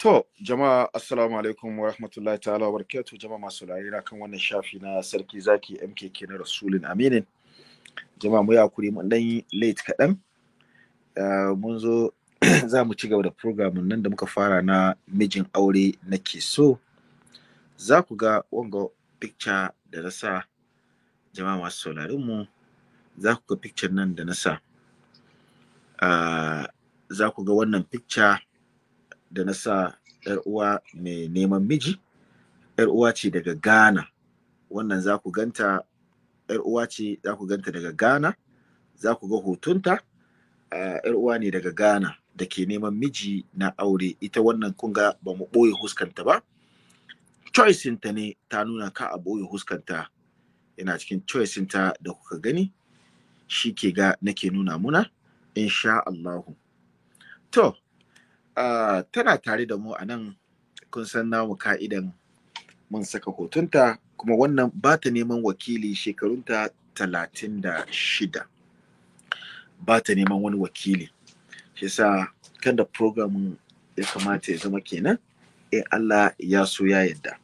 To, jama'a assalamu alaikum wa rahmatullahi ta'ala wa barakatuh jama'a masu na kan wannan shafi na sarki zaki MKK na Rasulun Aminin. Jama'a mu ya kuri mun dan late kaɗan. Eh, mun zo za mu ci gaba da program nan da muka fara na mijin aure na ke so. Za ku ga wanga picture da na sa jama'a masu sauraron mu za ku ga picture nan da na sa. Eh, za ku ga wannan picture da na sa uwa mai neman miji yar uwa ce daga Ghana wannan za ku ganta uwa ce za ku ganta daga Ghana za ku ga hotunta yar ah, uwa ne daga Ghana da ke neman miji na aure ita wannan kunga ba mu ɓoye huskanta ba choicinta ne ta nuna ka a ɓoye huskanta yana cikin choicinta da kuka gani shi ke ga nake nuna muna insha'allahu to tana tare da mu a nan kun san namu ka'idan mun saka hotunta kuma wannan ba ta neman wakili shekarunta talatin da shida ba ta neman wani wakili shi sa kan da program ya kamata ya zama kenan in Allah ya so ya yadda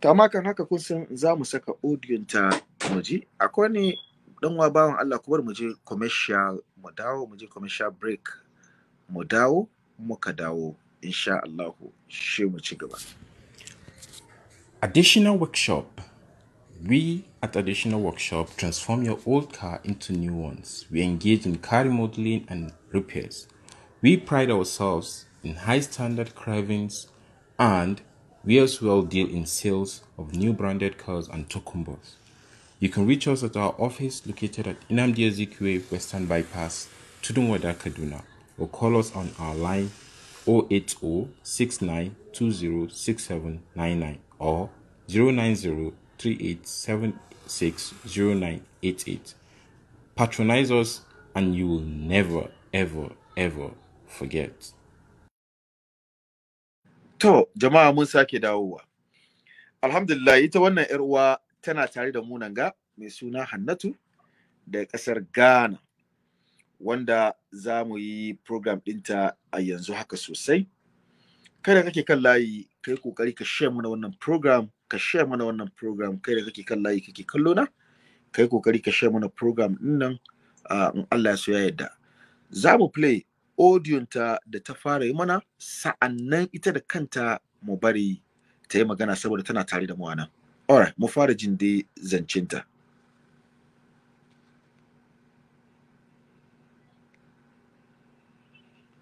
ta kan haka kun san za mu saka audion ta muji akwai ne dan bawan Allah kuma mu je commercial mu dawo mu je commercial break mu dawo muka dawo insha Allahu shi mu ci gaba. Additional workshop. We at Additional Workshop transform your old car into new ones. We engage in car remodeling and repairs. We pride ourselves in high standard carvings and we as well deal in sales of new branded cars and tokumbos. You can reach us at our office located at Inamdi Ezekwe Western Bypass, Tudunwada, Kaduna. or call us on our line 080 or 090 Patronize us and you will never, ever, ever forget. To, jama'a mun sake dawowa. Alhamdulillah, ita wannan uwa tana tare da munanga mai suna Hannatu da ƙasar Ghana, wanda za mu yi program ɗinta a yanzu haka sosai kada kake kan layi ka yi kokari ka share mana wannan program ka share mana wannan program kai da kake kan layi kake kallo na ka yi kokari ka share mana program ɗin nan in Allah ya so ya yarda za mu play audio ta da ta fara yi mana sa'annan ita da kanta mu bari ta yi magana saboda tana tare da mu nan. alright mu fara jin dai zancinta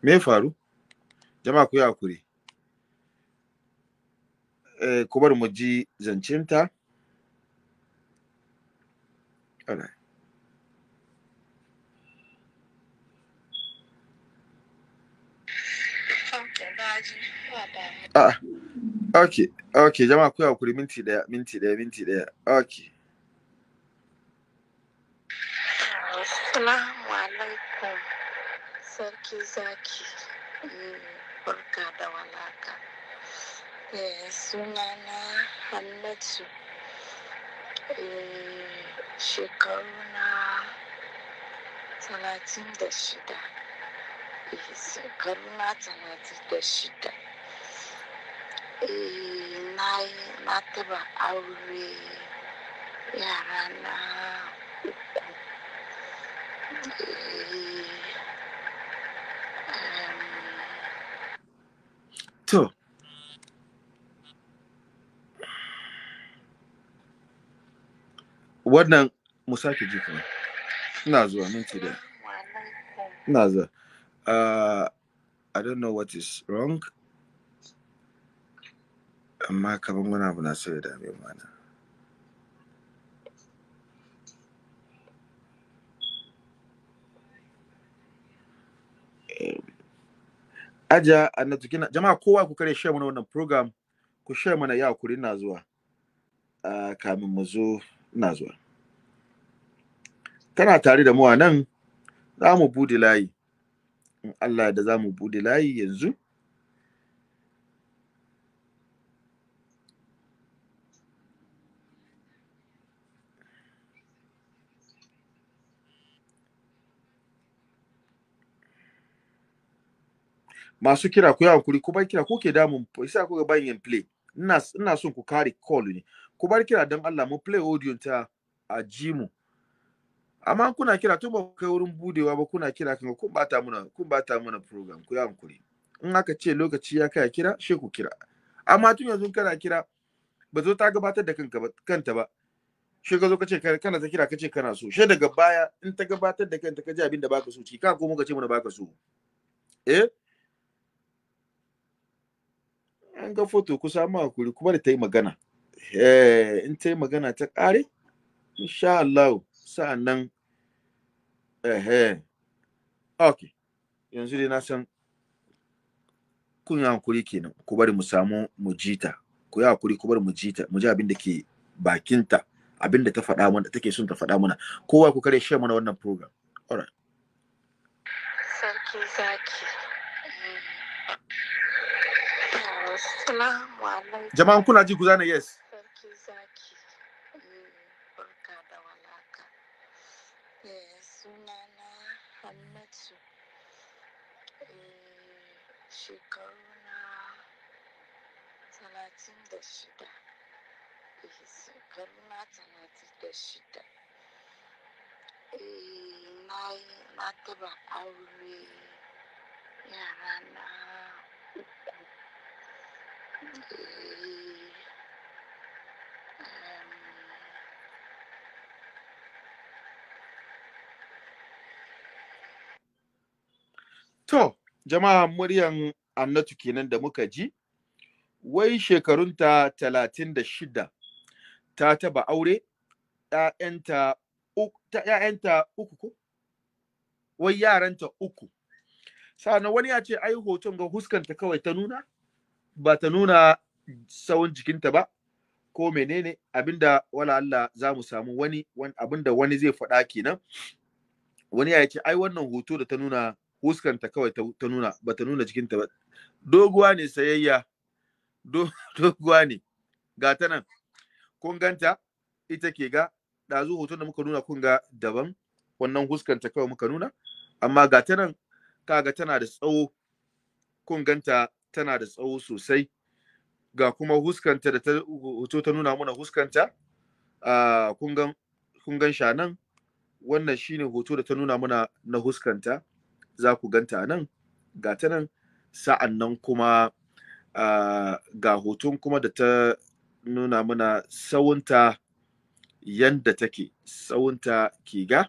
me faru jama'a ku yi hakuri eh ku bar mu ji zancinta ana Ah, ok, ok, jama'a ku hakuri minti daya, minti daya, minti daya. Ok. Assalamu alaikum. sarki zaki barka mm, da walaka sunana hannatu shekaru eh, na talatin da shida shekaru na talatin da shida na taba aure yara na uku to What? mu sake ji Nazo, uh, i don't know what is wrong amma kaman na so ya dame um, aja annatu na jama'a kowa ku kare share mana wannan program ku share mana ya kuri na zuwa ah, kamin mu zo na zuwa kana tare da mu a nan za mu bude layi in Allah da za mu bude layi yanzu masu kira ku yi kuri ku bar kira ko ke damun sai ku ga bayan play ina ina son ku kare call ne ku bar kira don Allah mu play audio ta a jimu amma kuna kira tun ba kai wurin budewa ba kuna kira kan kun bata muna kun bata muna program ku yi kuri in aka ce lokaci ya kai kira she ku kira amma tun yanzu kana kira ba zo ta gabatar da kanka ba kanta ba she ka zo ka ce kana ta kira ka ce kana so she daga baya in ta gabatar da kanta ka ji abin da baka so ciki ka ko muka ce muna baka so eh an ga foto kusa ma hakuri kuma da ta yi magana eh, in ta yi magana ta ƙare insha Allah sa'an nan eh, eh. ok yanzu dai na san kun yi hakuri kenan ku bari mu samu mu jita ku yi hakuri ku bari mu jita mu ji abin da ke bakinta abin da ta faɗa mana take son ta faɗa mana kowa ku kare share mana wannan program alright sarki zaki Assalamu alaikum. Jama'an kuna ji ku zana yes. Sarki zaki. Eh, barka da walaka. Eh, Suna na Hannatu. Eh, shekaru na talatin da shida. Shekaru na talatin da shida. Na taba aure yara na To, jama'a muryan Annatu kenan da muka ji, wai shekarunta talatin da shida ta taba aure, ‘ya'yanta uku ko? Wai yaranta uku. Sa'an wani ya ce, ayi hoton ga huskanta kawai ta nuna? ba ta nuna tsawon jikinta ba ko menene abinda wala Allah za mu samu wani abinda wani zai faɗa kenan wani ya ce ai wannan hoto da ta nuna huskanta kawai ta nuna ba ta nuna jikinta ba doguwa ne sayayya doguwa ne ga ta nan kun ganta ita ke ga ɗazu hoton da muka nuna kun ga daban wannan huskanta kawai muka nuna amma ga ta nan kaga tana da tsawo kun ganta tana da tsawo sosai ga kuma huskanta da ta hoto ta nuna mana huskanta a kun gan sha nan wannan shine hoto da ta nuna mana na huskanta za ku ganta nan ga ta nan sa'an nan kuma ga hoton kuma da ta nuna mana tsawonta yanda take ke ga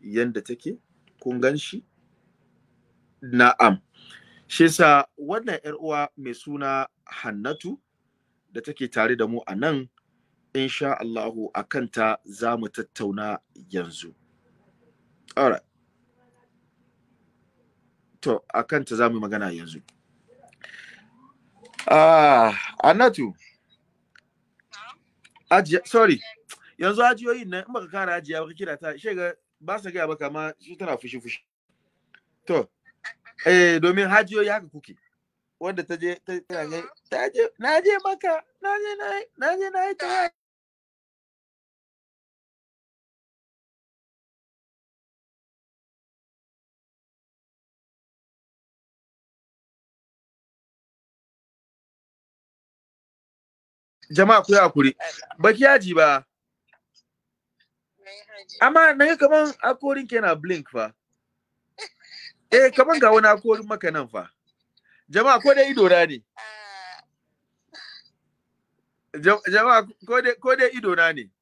yanda take kun gan shi na'am shi yasa wannan yar uwa mai suna Hannatu da take tare da mu a nan insha Allahu a kanta za mu tattauna yanzu to a kanta za mu magana yanzu ah Hannatu ajiya sorry yanzu ajiyoyin nan in baka kara ajiya baka kira ta shega ba sa gaya maka ma shi tana fushi fushi to eh domin ya haka kuke wanda ta je ta je na je maka na je na je na yi ta jama'a ku hakuri baki yaji ba amma na ga kaman akorin blink ba. eh kaman ga wani akorin maka nan fa jama'a ko dai ido na ne jama'a ko dai ido na ne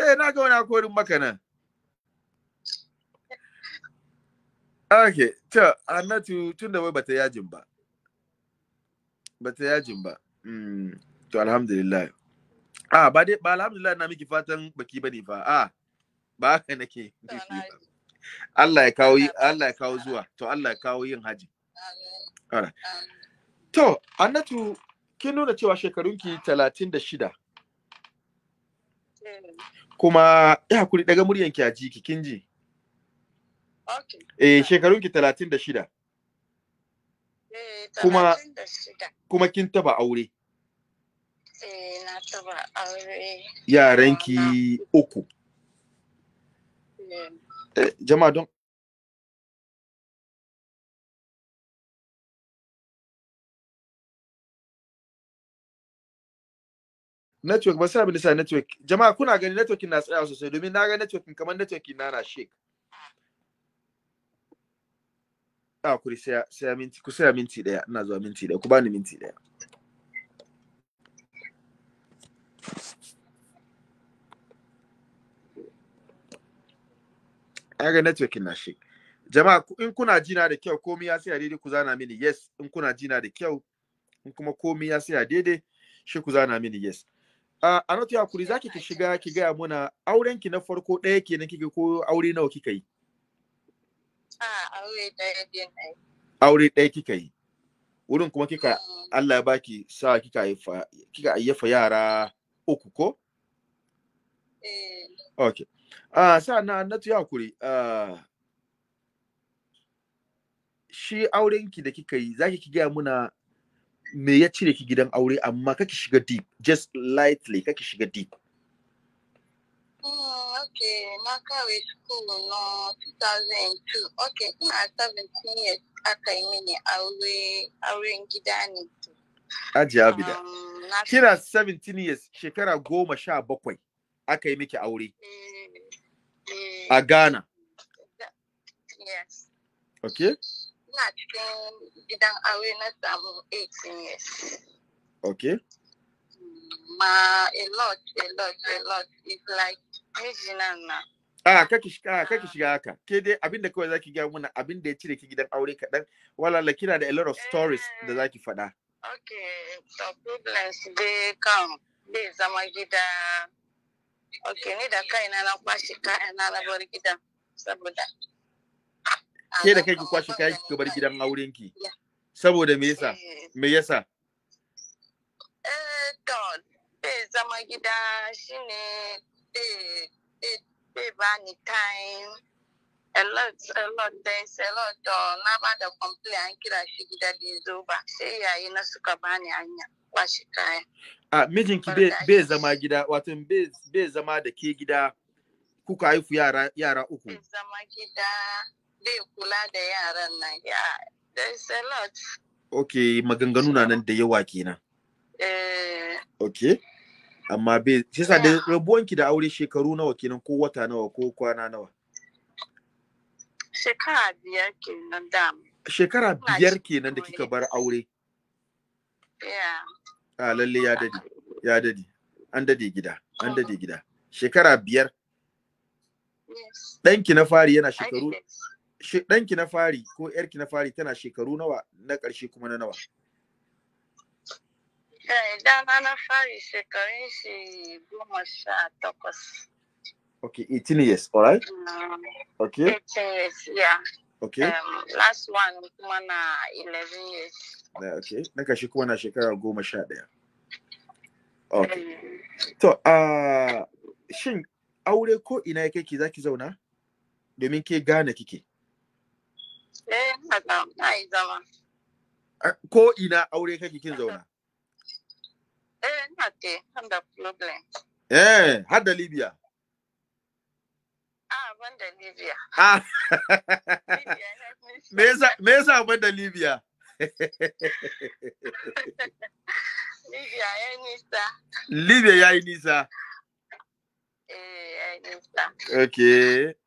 eh na ga wani akorin maka nan ok ta annatu tun da wai bata yajin ba bata yajin ba mm. to alhamdulillah ah ba dai ba alhamdulillah na miki fatan baki bane fa ah ba haka nake nufi ba Allah ya kawo Allah ya kawo zuwa to Allah ya kawo yin haji to annatu kin nuna cewa shekarunki 36 eh. kuma ya hakuri daga muryanki a jiki kin ji okay eh shekarunki 36 eh, kuma kuma kin taba aure eh, taba aure yaranki uku Eh, jama'a don network ba sai abin network jama'a kuna gani network na tsaya sosai domin na ga network kamar network na na shake a kuri sai minti ku sai minti daya ina zuwa minti daya ku bani minti daya ga network na shi jama'a in kuna jina da kyau komai ya tsaya daidai ku zana mini yes in kuna jina da kyau in kuma komai ya tsaya daidai shi ku zana mini yes uh, anatu hakuri zaki ki shiga ki gaya muna auren ki na farko ɗaya kenan kike ko aure nawa kika yi aure ɗaya aure ɗaya kika yi wurin kuma kika mm. Allah ya baki sa kika haifa kika ayyafa yara uku ko eh okay Ah, sa'annan Annatu ya hakuri. Ah, shi aurenki da kika yi zaki ki gaya muna me ya cire ki gidan aure amma kake shiga deep just lightly kake shiga deep Mm, okay, na kawai school no 2002. Okay, ina 17 years aka yi mini aure auren gida ne. Aji Abida. Um, Kira 17 years shekara goma sha bakwai aka yi miki aure. Mm. Eh, a Ghana. Yes. Okay. 18 years. Okay. Ma a lot, a lot, a lot. It's like Ah, haka. Ke da zaki gaya mana abin da ya cire ki gidan aure kaɗan. Walala da a lot of stories da zaki faɗa. Eh, okay, so problems zama gida ok ni da kaina na kwashe kaina na bar gidan saboda ke da kai ki kayan ki bar gidan auren ki saboda me yasa me yasa eh to zama gida shine bai ba ni time a lot a lot there's eh. a lot na ba da complain an kira shi gida bai zo ba sai yayi na suka bani hanya kwashe kaya a mijinki bai zama gida wato bai zama da ke gida kuka haifu yara yara uku bai zama gida bai kula da yaran nan ya there's a lot okay maganganu na nan da yawa kenan eh okay amma bai shi sa da rabuwanki da aure shekaru nawa kenan ko wata nawa ko kwana nawa shekara biyar kenan da shekara biyar kenan da kika bar aure yeah a ah, lalle ya dadi ya dadi an dade gida an dade gida shekara biyar ɗanki na fari yana shekaru ɗanki na fari ko yarki na fari tana shekaru nawa na ƙarshe kuma na nawa eh, dama na fari shekarun shi goma sha takwas okay 18 years all right mm. okay 18 years yeah Okay. Um, last one kuma na 11 years. Yeah, okay. Na kashi kuma na shekara goma sha ɗaya. Okay. To, uh, shin aure ko ina ya kake za ki zauna? Domin ke gane kike. Eh, na yi zama. Ko ina aure kake kin zauna? Eh, na ke, har da problem. Eh, hada Libya. ban da Libya. Me yasa ban da Libya? Libya ya yi nisa. Libya eh, ya yi nisa. Ok,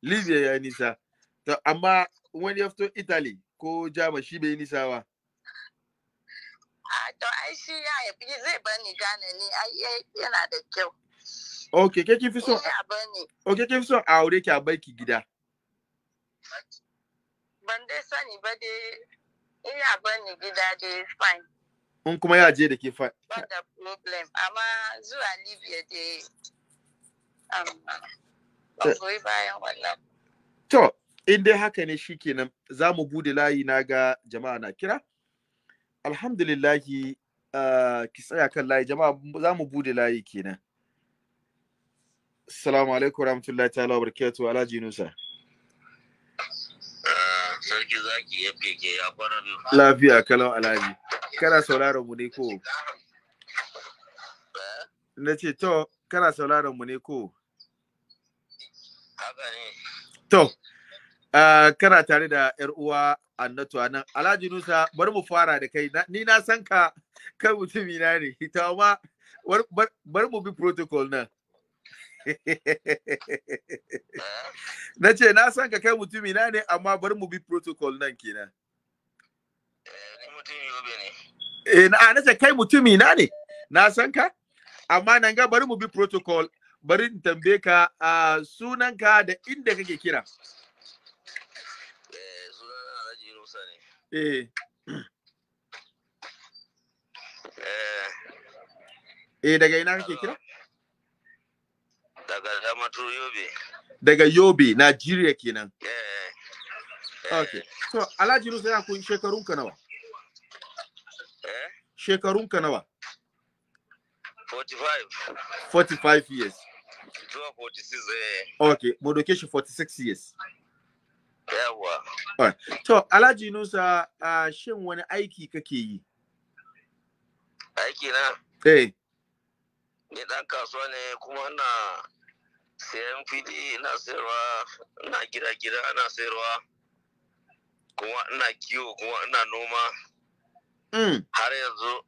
Libya ya yi nisa. To, amma wani ya fito Italy ko Jama shi bai nisa ba. Ah, to, ai shi ya zai bani gane ni, ai yana da kyau. Ok, ke kin fi son eh, Ok, kin fi son aure ki a baki gida. Ban dai sani ba dai iya eh, bani gida dai fine. In kuma ya je da ke fa. Ba da problem, amma zuwa Libya dai um, ba eh. goyi bayan wannan. To, in dai haka ne shikenan za mu bude layi na ga jama'a na kira. Alhamdulillahi ah, ki tsaya kan layi jama'a za mu bude layi kenan. Assalamu alaikum rahmatullahi ta'ala wa barakatuh Alhaji Nusa. Eh, Sarki zaki ya ke ya kwanan lafiya kalau alaji. Kana sauraron mu ne ko? Eh? Na ce to kana sauraron mu ne ko? Haka ne. To, kana tare da ‘yar uwa Annatu nan, Alhaji Nusa, bari mu fara da kai. Ni na san ka kai mutumina ne. Ita ma bari mu bi protocol nan. na ce na san ka kai mutumi na ne amma bari mu bi protocol nan kenan eh, eh na na ce kai mutumi na ne na san ka amma nan ga bari mu bi protocol bari in tambaye ka a sunanka da inda kake kira eh sunan eh. eh eh daga ina kake kira daga Damaturu Yobe. Daga Yobe, Najeriya kenan. Okay. So, Alhaji Nusa ya kun shekarun ka nawa? Eh? Shekarun ka nawa? 45. 45 years. 46 eh. Okay, mu doke shi 46 years. Yawa. to, Alhaji Nusa, uh, shin wani aiki kake yi? Aiki na? Eh. Ni dan kasuwa ne kuma ina sayan fili ina sayarwa ina gida gida ina sayarwa kuma ina kiwo kuma ina noma hmm. har yanzu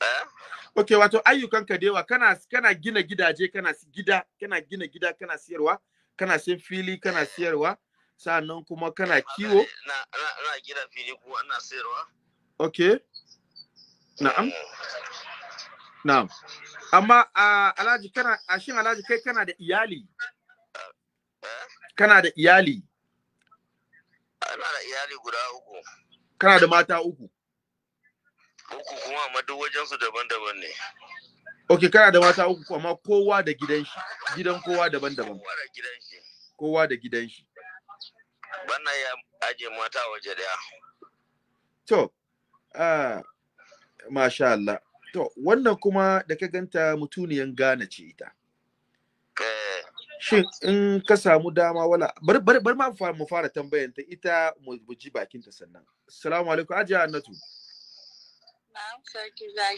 eh? Ok, wato ayyukan ka dewa kana kana gina gidaje kana gida kana gina gida kana siyarwa kana sayan fili kana siyarwa sannan kuma kana kiwo na na gina fili kuma ina siyarwa Ok. na'am mm. na'am amma a alhaji kana a shin alhaji kai kana da iyali kana da iyali ana da iyali guda uku kana da mata uku uku kuma amma duk wajen su daban-daban ne ok kana da mata uku amma kowa da gidan shi gidan kowa daban-daban kowa da gidan shi bana ya aje mata waje daya to masha Allah To, wannan kuma da ka ganta mutuniyan gane ce ita. Shin in ka samu dama wala, bar ma mu fara tambayan ta ita mu ji bakinta sannan. Salamu alaikum, ajiya Annatu.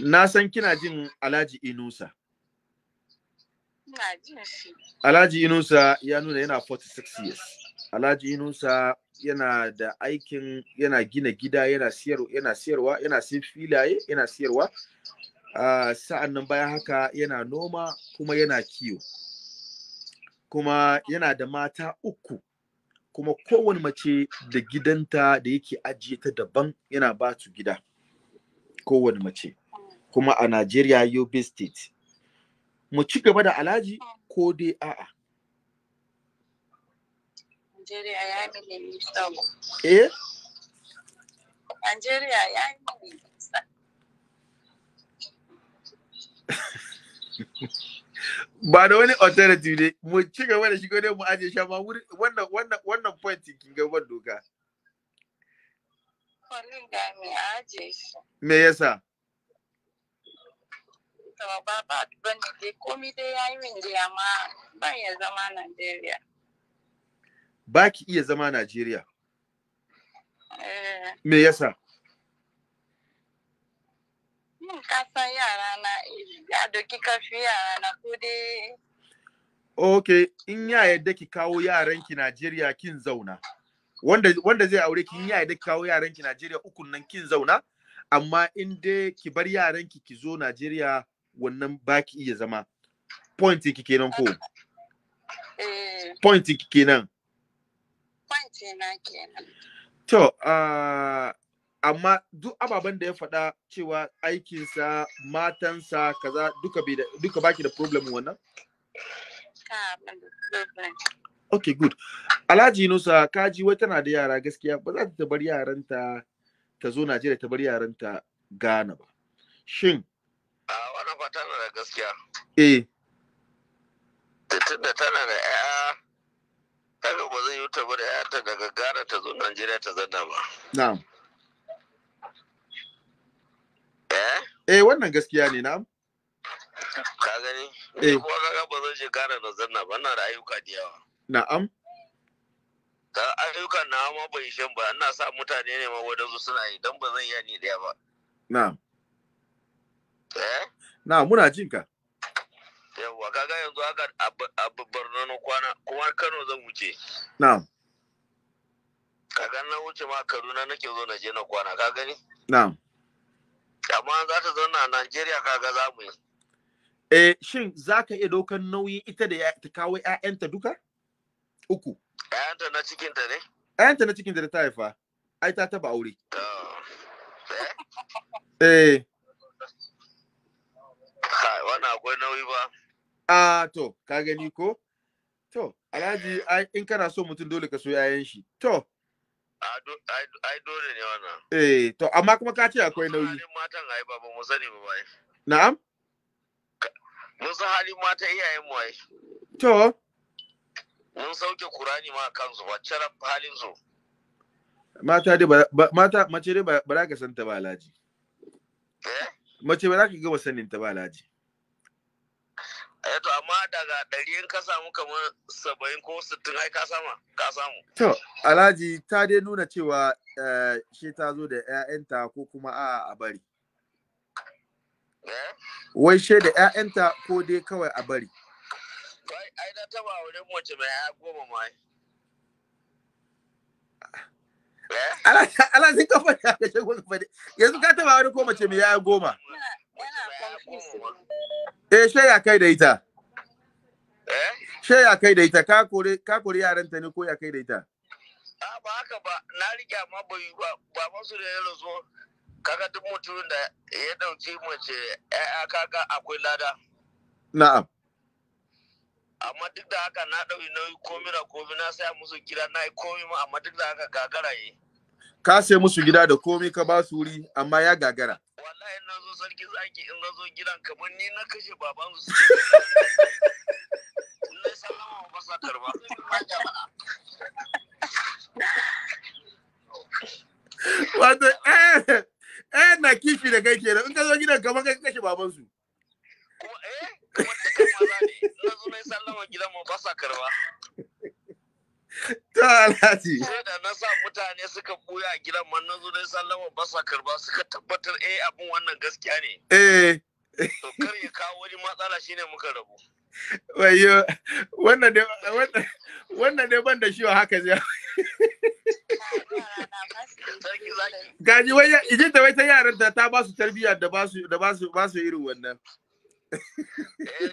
Na san kina jin Alhaji Inusa. Alhaji Inusa ya nuna yana 46 years. Alhaji Inusa yana da aikin yana gina gida yana siyarwa yana siyarwa yana siyarwa Ah, sa'an nan bayan haka yana noma kuma yana kiwo kuma yana da mata uku kuma kowane mace da gidanta da yake ajiye ta daban yana ba su gida kowane mace kuma a Najeriya Yobe State mu ci gaba da alhaji ko dai a'a Najeriya ya yi Eh? Najeriya ya yi ba da wani alternative ne mu ci gaba da shigo ne mu aje sha ma wannan wannan wannan point kin ga ban doka wannan da me aje shi me yasa to ba ba ban da komai dai yayi min da amma ban ya zama Najeriya ba ki iya zama Najeriya eh. me yasa kasan yara na ya doki kafi yara na ko ok in ya yadda ki kawo yaran ki Najeriya kin zauna wanda wanda zai aure ki in ya yadda ki kawo yaran ki Najeriya ukun nan kin zauna amma in dai ki bar yaran ki ki zo Najeriya wannan ba ki iya zama point ki kenan ko eh. point ki kenan point na kenan to uh, amma duk ababen da ya faɗa cewa aikinsa matansa kaza duka da duka baki da problem wannan ok good alhaji nusa kaji wai tana da yara gaskiya ba za ta bar yaranta ta zo najeriya ta bar yaranta ghana ba shin a wani ba tana da gaskiya eh da tana da 'ya, kaga ba zai yi ta bar 'ya'yanta daga gana ta zo najeriya ta zanna ba na'am eh wannan gaskiya ne na ka gani eh kuma kaga ba zan shekara da zanna ba na da ayyuka da yawa na'am ka ayyuka na ma bai shan ba ina sa mutane ne ma su suna yi dan ba zan iya ni daya ba na'am eh na muna jin ka yawwa kaga yanzu haka a babbarnan kwana kuma Kano zan wuce na'am kaga na wuce ma Kaduna nake zo na je na kwana ka gani na'am amma za ta zauna a Najeriya kaga za mu yi eh shin za ka iya ɗaukar nauyi ita da ta kawo ƴaƴanta duka uku ƴaƴanta na cikin ta ne ƴaƴanta na cikin ta da ta haifa ai ta taba aure eh, eh. wani akwai nauyi ba a to ka gani ko to alhaji in kana so mutum dole ka so yayan shi to Ai dole ne wannan. Eh, to amma kuma ka ce akwai nauyi. Halin matan ai ba mu sani ba bai. Na'am? Mun san halin mata iyayen mu ai. To. Mun sauke Kurani ma kansu ba cara halin su. Mata dai mata mace dai ba za ka san ta ba Alhaji. Eh? Mace ba za ka gama sanin ta ba Alhaji. Eh, to amma daga ɗari in ka samu kamar saba'in ko sittin ai ka samu ka samu. To Alhaji ta dai nuna cewa eh, shi ta zo da 'ya'yanta ko kuma a a bari. Eh? Wai she da 'ya'yanta ko dai kawai a bari. Ai na taba wurin mace mai 'ya'ya goma ma Alhaji ka faɗi haka shi ko faɗi yanzu ka taba wani ko mace mai ya goma. Eh, ya kai da ita. Eh? ya kai da ita, ka kori ta ne ko ya kai da ita? A ba haka ba, na rike amma ba yi ba, ba masu da yaro zo, kaga duk mutumin da ya dauki mace ya'ya kaga akwai lada. Na'am. Amma duk da haka na ɗauki nauyi komi da komi na sai musu gida na yi komi amma duk da haka gagara yi. ka sai musu gida da komai ka ba su wuri amma ya gagara wallahi na zo sarki zaki in na zo gidan kamar ni na kashe baban su ne sallama ba sa karba wato eh eh na kifi da kai kenan in ka zo gidan kamar ka kashe baban su eh kamar duka maza ne na zo mai sallama gidan mu ba sa karba To Alhaji. Da na sa mutane suka buya a gidan manna, na zuwa sallama ba sa karba suka tabbatar eh abin wannan gaskiya ne. Eh. To kar ya kawo wani matsala shine muka rabu. Wayo wannan ne wannan wannan ne ban da shi wa haka zai. Gaji wai ta wai ta yaran ta ba su tarbiyya da ba su da ba su ba su irin wannan. Eh,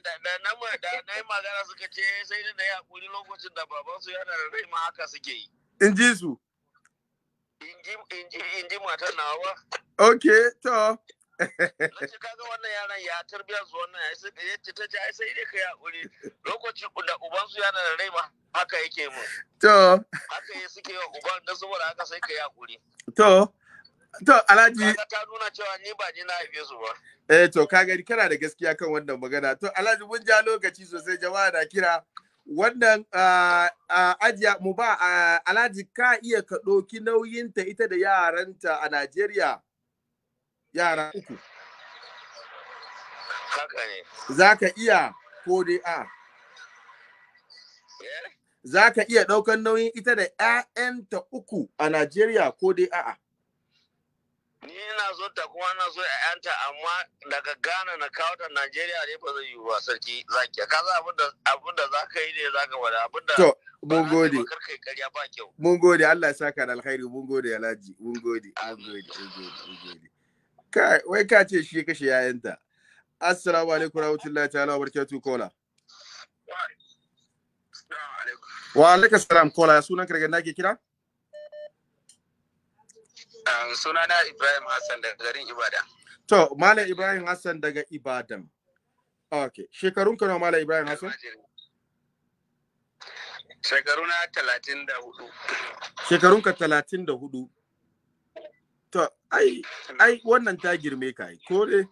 da na da na yi magana suka ce sai da ya hakuri lokacin da babansu yana da rai ma haka suke yi. In ji su. In ji matan nawa. Ok, to. Na ce kaga wannan yaran ya tarbiyar su wannan ya sai ya ce ta ce ai sai dai ka hakuri lokacin da uban su yana da rai ma haka yake mu. To. Haka ya suke wa uban da saboda haka sai ka hakuri. To. To, Alhaji. Kaga ta nuna cewa ni ba ni na haife su ba. Eh to ka gani kana da gaskiya kan wannan magana. To Alhaji mun ja lokaci sosai jama'a na kira wannan ajiya mu ba Alhaji ka iya ka nauyin nauyinta ita da yaranta a Najeriya. Yara uku. Haka ne. Za ka iya ko dai a. Eh? Za ka iya ɗaukan nauyin ita da ‘ya'yanta uku a Najeriya ko dai a'a. ni ina so ta kuma ina so ya'yanta amma daga Ghana na kawo ta Najeriya ne ba zai yi ba sarki zaki ka za abin da za ka yi ne za ka wada abin da to mun gode mun gode Allah ya saka da alkhairi mun gode Alhaji mun gode mun gode mun gode mun gode kai wai ka ce shi kashe ya'yanta assalamu alaikum rahmatullahi ta'ala wa kola wa alaikum salam kola sunan ka daga nake kira sunana Ibrahim Hassan daga garin Ibadan. To, Malam Ibrahim Hassan daga Ibadan. Ok, shekarun ka nawa Malam Ibrahim Hassan? Shekaru na talatin da hudu. Shekarun ka talatin da hudu. To, ai, ai wannan ta girme ka, ko ne?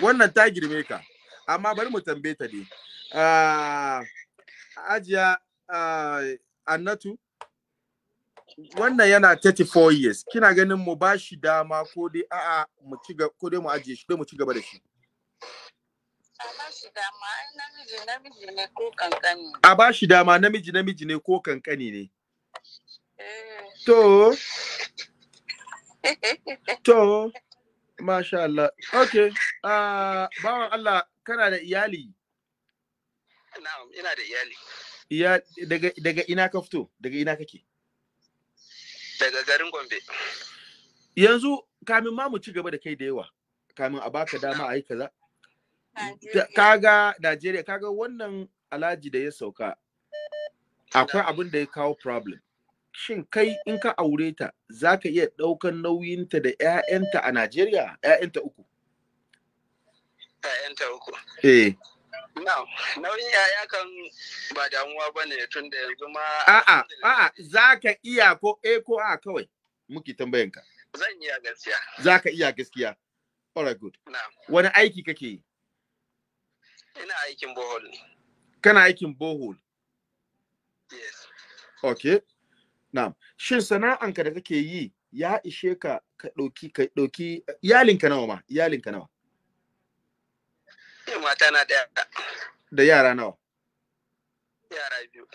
Wannan ta girme ka, amma bari mu tambaye ta ne. Uh, ah, ajiya uh, ah, Annatu, wannan yana 34 years kina ganin mu ba shi dama ko dai a'a mu ci ko dai mu ajiye shi dai mu ci gaba da shi a ba shi dama namiji namiji ne ko kankani ne eh. to to masha Allah okay uh, bawan Allah kana da iyali na'am ina da iyali iya daga daga ina ka fito daga ina kake daga garin Gombe. Yanzu kamin ma mu ci gaba da kai da yawa, kamin a baka dama a yi kaza. Kaga Najeriya, kaga wannan alaji da ya sauka, akwai abin da ya kawo problem. Shin kai in ka aure ta, za ka iya ɗaukan nauyinta da 'ya'yanta a Najeriya, 'ya'yanta uku? 'ya'yanta uku. Eh. nauyin yaya kan ba damuwa ba ne tun da yanzu ma a'a a'a za ka iya ko e ko a kawai muke tambayan ka zan iya gaskiya za ka iya gaskiya all right good wani aiki kake yi ina aikin bohol kana aikin bohol yes okay na'am shin sana'anka da kake yi ya ishe ka ka dauki ka ɗauki iyalinka nawa ma iyalinka nawa da mata na ɗaya yara da yara nawa yara biyu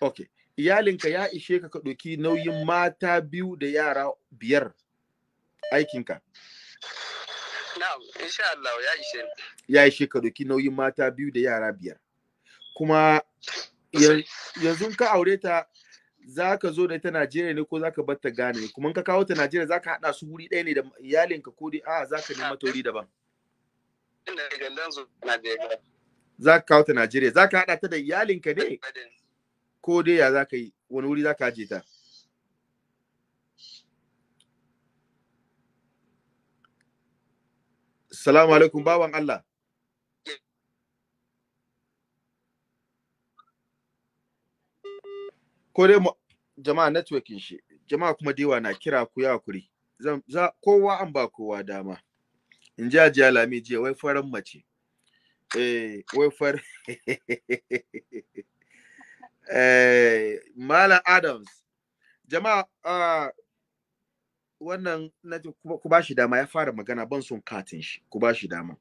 Ok. iyalinka ya ishe ka ka ɗauki nauyin mata biyu da yara biyar aikinka na'am insha Allah ya ishe ya ishe ka ɗauki nauyin mata biyu da yara biyar kuma yanzu ka aure ta za ka zo da ita Najeriya ne ko za ka bar ta gane? kuma in ka kawo ta Najeriya za ka haɗa su wuri ɗaya ne da iyalinka ko dai a za ka nema ta wuri daban Za ka kawo ta Najeriya, za ka haɗa ta da iyalinka ne? Ko dai ya za ka yi, wani wuri za ka aje ta? Salamu alaikum bawan Allah. Ko dai jama'a networking shi, jama'a kuma dewa na kira ku ya kuri. Kowa an ba kowa dama. in ji ajiya lami jiya wai farin mace eh wai far eh, malam adams jama'a ah, wannan na ku ba shi dama ya fara magana ban son katin shi ku ba shi dama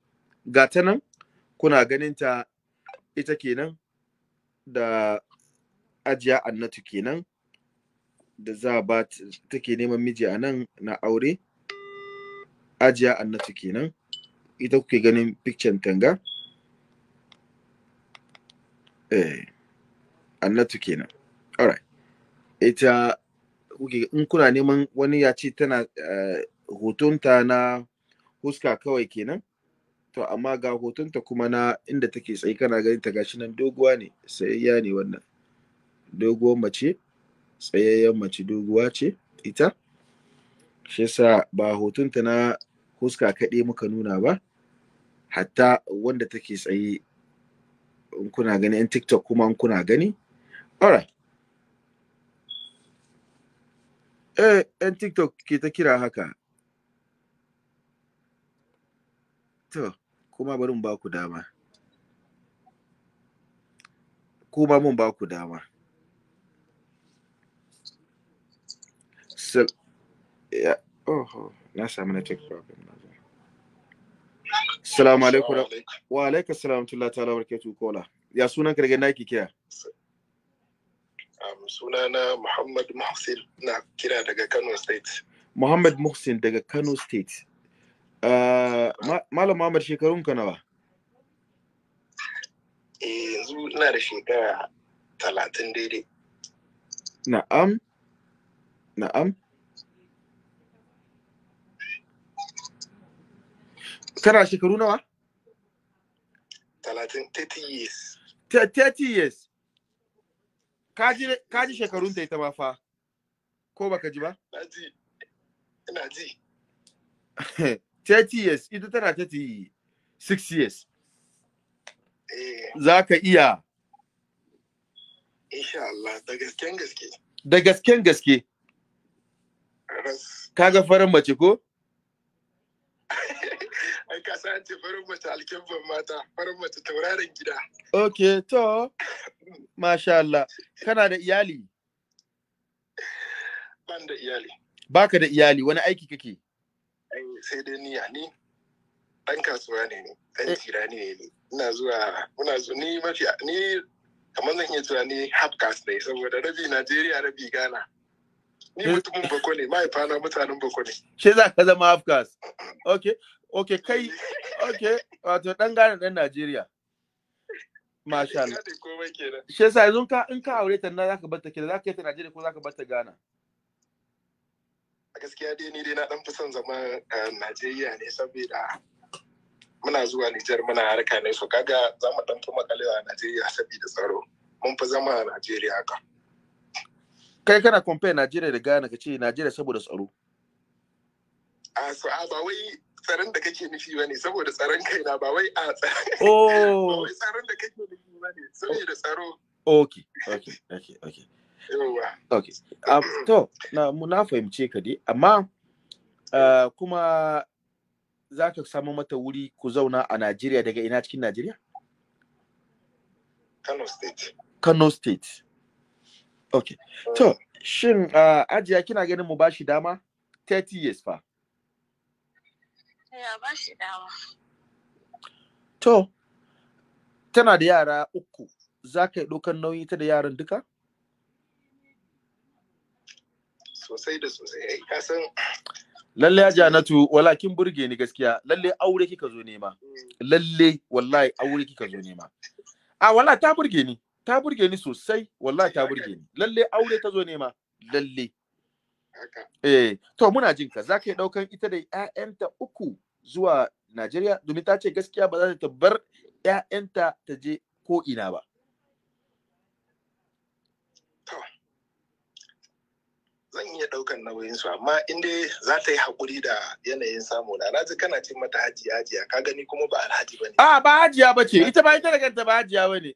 ga ta nan kuna ganin ta ita kenan da ajiya annatu kenan da za ba take neman miji a nan na aure ajiya annatu kenan ita kuke ganin picture tanga eh annatu kenan right. ita kuke in kuna neman wani ya ce tana eh, hotonta na huska kawai kenan to amma ga hotonta kuma na inda take tsaye kana ganin ta gashi nan doguwa ne tsayayya ne wannan doguwar mace tsayayyen mace doguwa ce ita shi yasa ba hotonta na huska kaɗai muka nuna ba hatta wanda take tsaye in kuna gani yan tiktok kuma in kuna gani alright eh yan tiktok ke ta kira haka to kuma bari mu ba ku dama kuma mun ba ku dama so, yeah. oh. na samu na tiktok Salamu alaikum wa alaikum assalam ta lawar ke kola ya sunan karge na naki kiya Suna sunana Muhammad Muhsin na kira daga Kano State Muhammad Muhsin daga Kano State uh, Malam Muhammad shekarun ka nawa eh, yanzu ina da shekara talatin daidai na'am na'am Kana shekaru nawa? 30 years. 30 years. Ka ji shekarun ta ita ma fa, ko baka ji ba? Na ji, ina ji. 30 years, ita tana 36 years. Eh. Za ka iya. Insha Allah, da gasken gaske. Da gasken gaske. Kaga farin mace ko? ai ka san ce farin mace alkebban mata farin mace tauraron gida ok to masha Allah kana da iyali ban da iyali baka da iyali wani aiki kake sai dai niya ni Ɗan kasuwa ne eh. ne ɗan jira ne ne ina zuwa muna zuwa ni mafi ni kamar zan iya cewa ni half ne saboda rabi Najeriya rabi Ghana Ni mutumin bako ne, mahaifa mutanen bako ne. Shi za ka zama Afghans. Okay, okay, kai, okay, wato ɗan Ghana ɗan Najeriya. Masha Allah. Shi yasa yanzu in ka aure ta na zaka bar ta kira zaka yi ta Najeriya ko zaka bar ta Ghana? gaskiya dai ni dai na dan fi son zama eh, Najeriya ne saboda muna zuwa Nijar muna harka ne so kaga za mu dan fi makalewa a Najeriya saboda tsaro. Mun fi zama a Najeriya haka. kai kana compare Najeriya da Ghana kace Najeriya saboda tsaro a so a ba wai tsaron da kake nufi bane saboda tsaron na ba wai a oh wai tsaron da kake nufi bane saboda tsaro okay okay okay okay okay um, to na na fahimce ka dai amma uh, kuma za ka samu mata wuri ku zauna a Najeriya daga ina cikin Najeriya Kano State Kano State ok to shin uh, ah, ajiya kina ganin mu bashi dama 30 years fa ya bashi dama to tana da yara uku za ka yi ɗaukar nauyi ta da yaran duka sosai da sosai ka san lalle ya janatu wala kin burge ni gaskiya lalle aure kika zo nema mm. lalle wallahi aure kika zo nema a ah, wala ta burge ni ta burge ni sosai wallahi ta burge ni lalle aure ta zo nema lalle eh to muna jin ka zaka yi daukan ita da ƴaƴanta uku zuwa Najeriya domin ta ce gaskiya ba za ta bar ƴaƴanta ta je ko ina ba zan iya daukan nauyin su amma in dai za ta yi hakuri da yanayin samu na na ji kana ce mata hajiya hajiya ka gani kuma ba alhaji bane a ba hajiya bace ita ba ita da kanta ba hajiya bane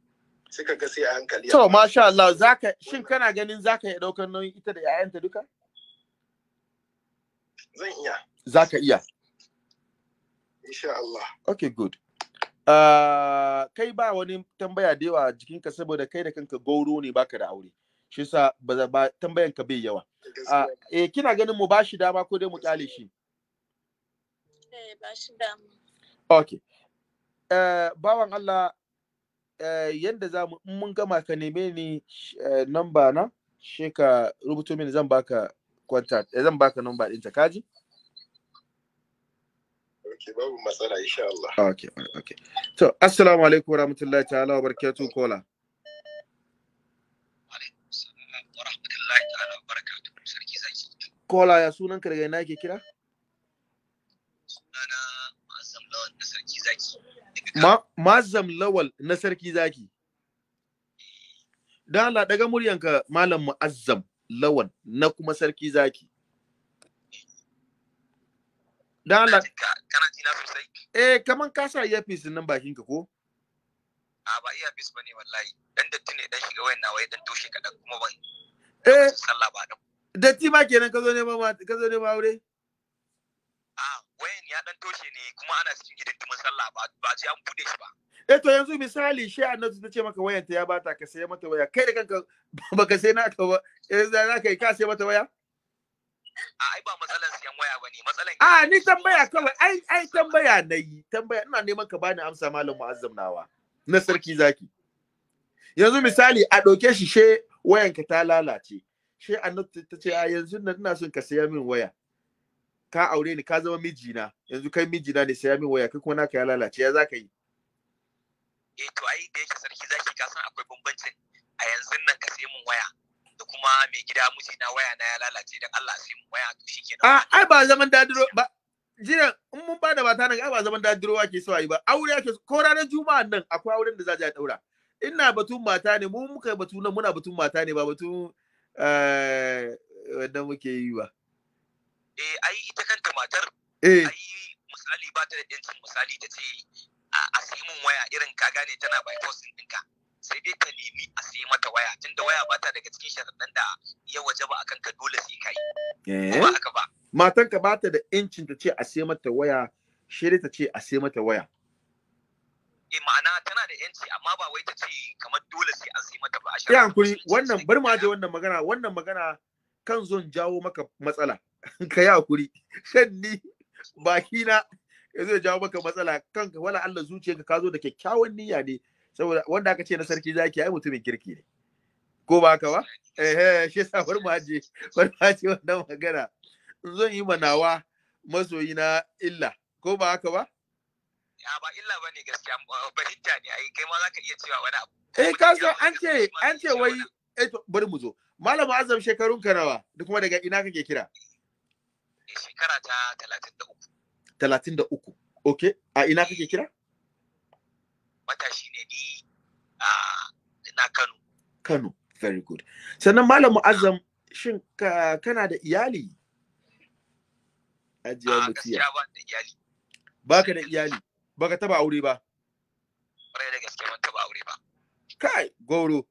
suka ga sai a hankali to masha Allah zaka shin kana ganin zaka iya daukar nauyin ita da yayanta duka zan iya zaka iya insha Allah okay good Uh, kai ba wani tambaya da yawa jikinka saboda kai da kanka goro ne baka da aure shi sa ba tambayan ka bai yawa uh, eh kina ganin mu bashi dama ko dai mu kyale shi eh bashi dama okay uh, bawan Allah Eh, yanda za mu in mun gama ka neme ni eh, namba na she ka rubuto mini zan baka kwanta eh, zan baka namba ɗinta kaji Okay, babu matsala insha Allah. Okay, okay. To, assalamu alaikum warahmatullahi ta'ala wa barakatuh kola. Kola ya sunan ka daga ina yake kira? Mazam Lawal na Sarki Zaki. dan Allah daga muryanka Malam Mu'azzam Lawal na kuma Sarki Zaki. dan Allah. Kana ji na sosai? Eh, kaman ka sa ya fi sunan bakin ka ko? A ba fi bane wallahi. Dan datti ne dan shiga wayan nawa dan toshe ka dan kuma ban. Eh. Sallah ba dan Datti ma kenan ka zo ne ba ka zo ne ba aure? ya dan toshe ne kuma ana cikin hidindimin sallah ba ba ji an bude shi ba eh to yanzu misali shi annabi ta ce maka wayanta ya bata ka sai mata waya kai da kanka baka sai ka ba eh za ka yi ka sai mata waya a ai ba matsalan siyan waya bane matsalan a ni tambaya kawai ai ai tambaya nayi tambaya ina neman ka bani amsa malam mu'azzam nawa na sarki zaki yanzu misali a ɗauke shi she wayanka ta lalace she annabi ta ce a yanzu na ina son ka saya min waya ka aure ni ka zama mijina yanzu kai mijina ne sai ya min waya kai kuma naka ya lalace ya za ka yi eh to ai da yake sarki zaki ka san akwai bambancin a yanzu nan ka sai mun waya da kuma mai gida mijina waya na ya lalace dan Allah sai mun waya to shikenan Ah ai ba zaman dadiro ba jiran in mun bada mata nan ai ba zaman dadirowa ke so ayi ba aure ake ko ranar juma'a nan akwai auren da za a daura ina batun mata ne mu muka batun nan muna batun mata ne ba batun eh wanda muke yi ba eh ai ita kanta matar eh ai misali ba ta da yancin misali ta ce a sayi mun waya irin ka gane tana bypass dinka sai dai ka nemi a sayi mata waya tunda waya ba ta daga cikin sharaɗan da ya waje ba akan ka dole sai kai ba eh. haka ba matan ka ba ta da yancin ta ce a sayi mata waya shi ta ce a sayi mata waya eh ma'ana tana da yanci amma ba wai ta ce kamar dole sai an sayi mata ba a sharaɗan. wannan bar ma je wannan magana wannan magana kan zon jawo maka matsala. ka yi hakuri shan ni baki na ya zai jawo maka matsala kanka wala Allah zuciyarka ka zo da kyakkyawan niyya ne saboda wanda aka ce na sarki zaki ai mutumin kirki ne ko ba haka ba eh eh shi sa bar mu bar mu wannan magana zan yi manawa masoyi na illa ko ba haka ba Ya ba illa bane gaskiya fahimta ne ai kai ma zaka iya cewa wani abu eh ka so an ce an ce wai eh bari mu zo malam azam shekarun ka nawa da kuma daga ina kake kira talatin da ok. A ina kake kira? Matashi ne ni na Kano. Kano, very good. Sannan Malam Mu'azzam, shin kana da iyali? Ajiya Mutiya. ba da da iyali, ba. Ƙwarai da aure ba. Kai, Goro.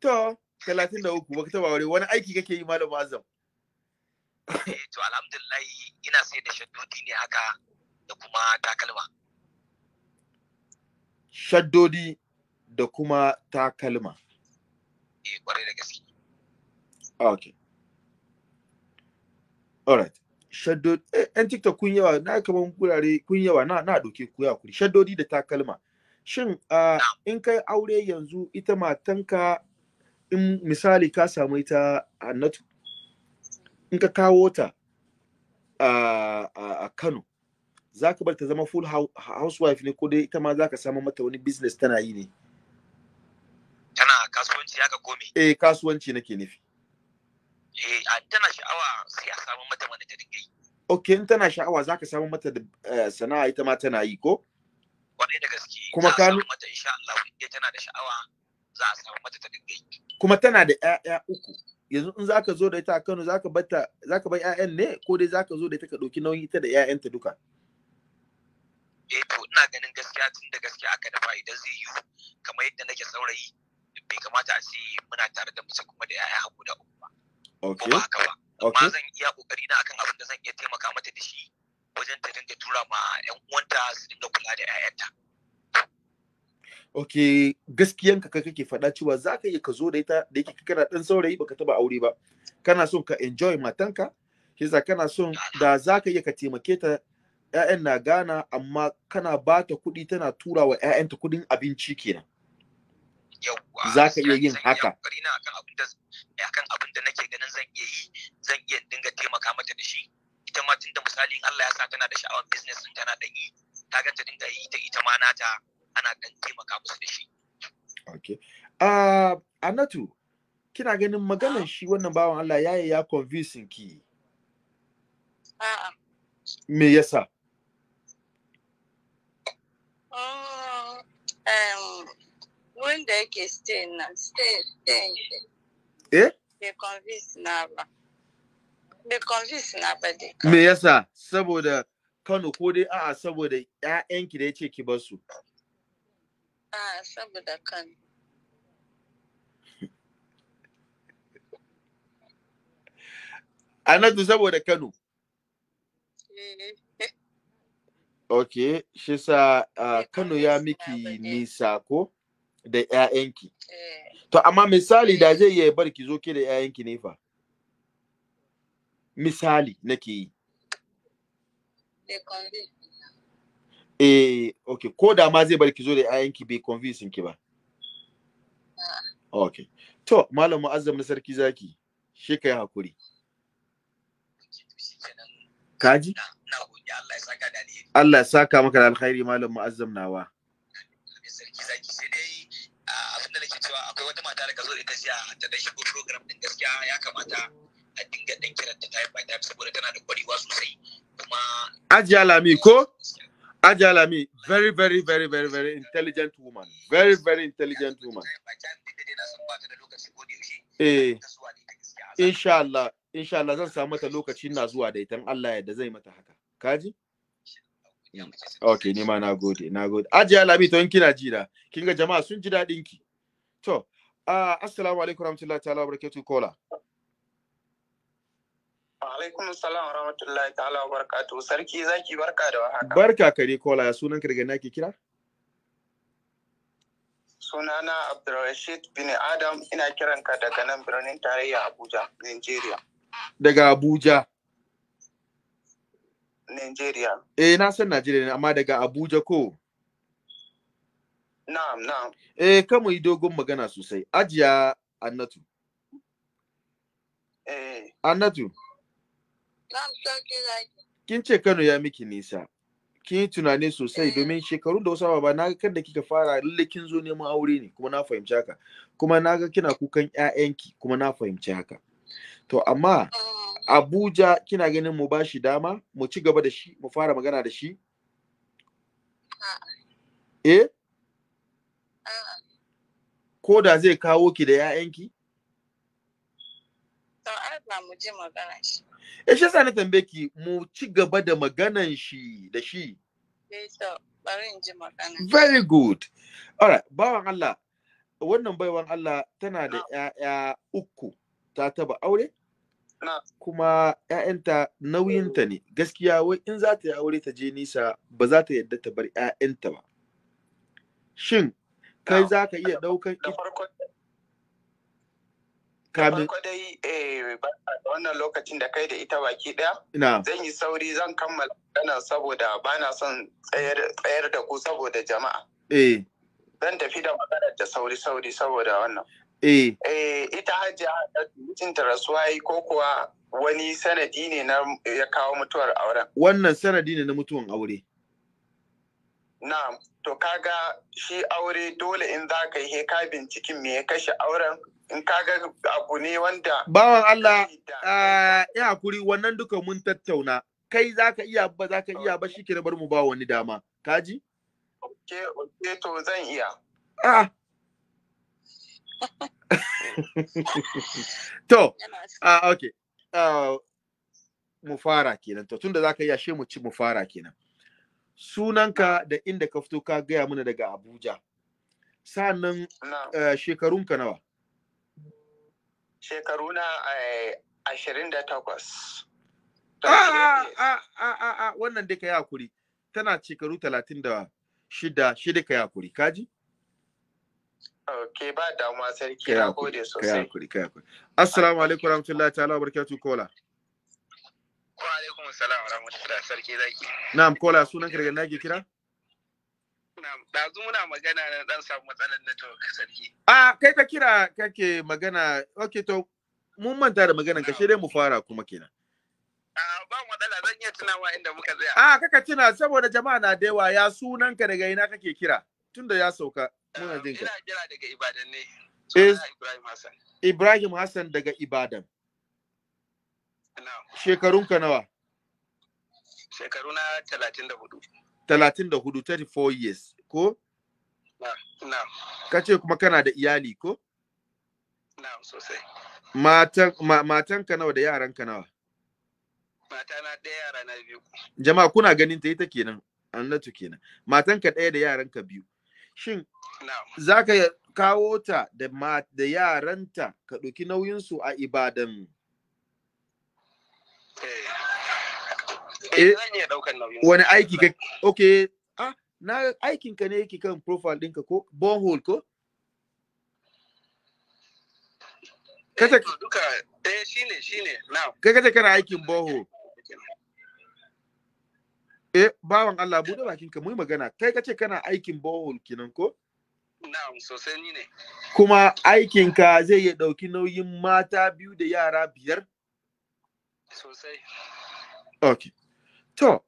To, talatin da uku, baka taba aure. Wani aiki kake yi Malam Mu'azzam? Eh, to alhamdulillah ina sai da shaddodi ne haka da kuma takalma shaddodi da kuma takalma eh kware da gaske okay alright shaddodi yan eh, tiktok kun yawa na kaman gurare kun yawa na na doke ku ya kuri shaddodi da takalma shin in kai aure yanzu ita matanka in misali ka samu ita annatu in ka kawo ta a Kano za ka bar ta zama full housewife ne ko dai ita ma za ka samu mata wani business tana yi ne tana kasuwanci haka ko me eh kasuwanci nake nufi eh tana sha'awa sai a samu mata wani ta dinga yi Ok, in tana sha'awa za ka samu mata da eh, sana'a ita ma tana yi ko wani da gaske kuma ka samu mata insha Allah in tana da sha'awa za a samu mata ta dinga yi kuma tana da ƴaƴa uku yanzu in zaka zo da ita a Kano zaka bata zaka bar ƴaƴan ne ko dai zaka zo da ita ka ɗauki nauyin ita da ƴaƴanta duka eh to ina ganin gaskiya tun da gaskiya aka dafa idan zai yiwu kamar yadda nake saurayi bai kamata a ce muna tare da mace kuma da ƴaƴa guda uku ba ko ba haka ba amma zan iya kokari na akan abin da zan iya taimaka mata da shi wajen ta dinga tura ma ƴan uwanta su dinga kula da ƴaƴanta ok gaskiyan ka kake faɗa cewa za ka iya ka zo da ita da yake kana ɗan saurayi baka taba aure ba kana son ka enjoy matanka shi kana son da za ka iya ka taimake ta ƴaƴan na gana amma kana ba ta kuɗi tana tura wa ƴaƴanta kuɗin abinci kenan za ka iya yin haka akan abin da nake ganin zan iya yi zan iya dinga taimaka mata da shi ita ma tunda misali in Allah ya sa tana da sha'awar business tana da yi kaga ta dinga yi ta ita ma nata ana kan taimaka musu da shi okay ah, anatu kina ganin maganan shi wannan bawan Allah ya yi ya convincing ki a'a me yasa oh, wurin da yake stay na stay stay eh me convince na ba bai convince na ba me yasa saboda Kano ko dai a'a saboda ƴaƴanki da yace ki basu. su a saboda kan saboda Kano. Eh. Ok, shi sa Kano ya miki nisa ko da ‘ya'yanki. Eh. To, amma misali da eh. zai iya bar ki zo ke da ‘ya'yanki ne fa. Misali nake yi. eh okay ko da ma zai bar ki zo da ƴaƴanki bai convince ki ba okay to malam mu'azzam na sarki zaki shi kai hakuri kaji Allah ya saka maka da alkhairi malam mu'azzam nawa sarki zaki cewa akwai wata mata da ka zo da ita din gaskiya ya kamata ta saboda tana da kwarewa sosai ajiya lami ko Ajalami, very, very, very, very, very intelligent woman. Very, very intelligent woman. Eh, Inshallah, inshallah, zan samu mata lokaci na zuwa da ita Allah ya yadda zai mata haka. Kaji? Okay, ni ma na gode, na gode. Ajiya to in kina ji da, kinga jama'a sun ji daɗin ki. To, ah, assalamu alaikum warahmatullahi ta'ala wa barakatuh kola. alaikum salam rahmatullahi ta'ala wa barakatuhu sarki zaki barka da haka barka kare kola sunan ka daga ke kira sunana Abdulrashid bin Adam ina kiran ka daga nan birnin tarayya Abuja Nigeria daga Abuja Nigeria eh na san Nigeria ne amma daga Abuja ko na'am na'am eh kama yi dogon magana sosai ajiya Annatu eh Annatu Kin ce Kano ya miki nisa. Kin yi tunani sosai eh. domin shekarun da wasu ba na kan da kika fara lalle kin zo neman aure ne kuma na fahimci haka. Kuma na ga kina kukan ƴaƴanki kuma na fahimci haka. To amma eh. Abuja kina ganin mu bashi dama mu ci gaba da shi mu fara magana da shi? Eh? eh? Ko da zai kawo ki da 'ya'yanki? To ai ba mu ji magana shi. Ya eh, shi na tambaye ki mu ci gaba da maganan shi da shi. Eh, Very good. Alright, bawan Allah, wannan baiwan Allah tana da ‘ya'ya ah. uku ta taba aure? Ah. Kuma ‘ya'yanta nauyinta hmm. ne, gaskiya wai in za ta yi aure ta je nisa ba za ta yadda ta bar ‘ya'yanta ba. Shin, kai za ka iya ɗaukan kamin E, dai eh wannan lokacin da kai da ita baki daya zan yi sauri zan kammala kana saboda bana son tsayar da ku saboda jama'a eh zan tafi da magana da sauri sauri saboda wannan eh, eh ita hajiya ta rasuwa yi ko kuwa wani sanadi ne na ya kawo mutuwar auren wannan sanadi ne na mutuwan aure Na'am, to kaga shi aure dole in za ka yi ka binciken me ya kashe auren in kaga abu ne wanda bawan Allah ah, ya hakuri wannan duka mun tattauna kai za ka iya ba za ka iya ba shi ke bar mu ba wani dama kaji? Oke, oke to zan iya. Ah. to, ah, okay. Uh, mu fara kenan, to tunda za ka iya shi mu ci mu fara kenan. sunanka da inda ka fito ka gaya mana daga Abuja. Sa'annan uh, shekarunka nawa? Shekaruna eh, ashirin da takwas. Ah, ah, ah, wannan dai ka yi hakuri. Tana shekaru talatin da shida, shida ka yi hakuri. Kaji? Ke ba damuwa sarki. Ka yi hakuri, ka yi hakuri. Assalamu alaikum warahmatullahi ta'ala wa barakatuh kola. Wa alaikum salam wa rahmatullahi sarki zaki. Na'am kola sunan ka daga ina ke kira? Na'am muna magana na dan samu matsalar network sarki. Ah kai ka kira kake magana okay to mun manta da maganan ka dai mu fara kuma kenan. Ah ba matsala zan iya tunawa inda muka tsaya. Ah kaka tuna saboda jama'a na da yawa ya sunan ka daga ina kake kira tunda ya sauka muna jin ka. Ina kira daga Ibadan ne. Eh, Ibrahim Hassan. Ibrahim Hassan daga Ibadan. shekarunka nawa shekaru na talatin da hudu talatin da hudu 34 years ko na ka ce kuma kana da iyali ko na sosai matan ma, matanka nawa da yaranka nawa mata na ɗaya yara na biyu jama'a kuna ganin ta ita kenan annatu kenan matanka ɗaya da yaranka biyu shin za ka kawo ta da, da yaranta ka ɗauki nauyinsu a ibadan Eh. Eh, wani aiki ka ok ah na aikin ka ne yake kan profile ɗinka ko borehole ko kace eh, duka eh shine shine now kai kana aikin borehole eh bawan Allah bude bakin ka muyi magana kai kace kana aikin borehole kinan ko na'am sosai ne kuma aikin ka zai ya dauki nauyin mata biyu da yara biyar Sosai. Ok. To,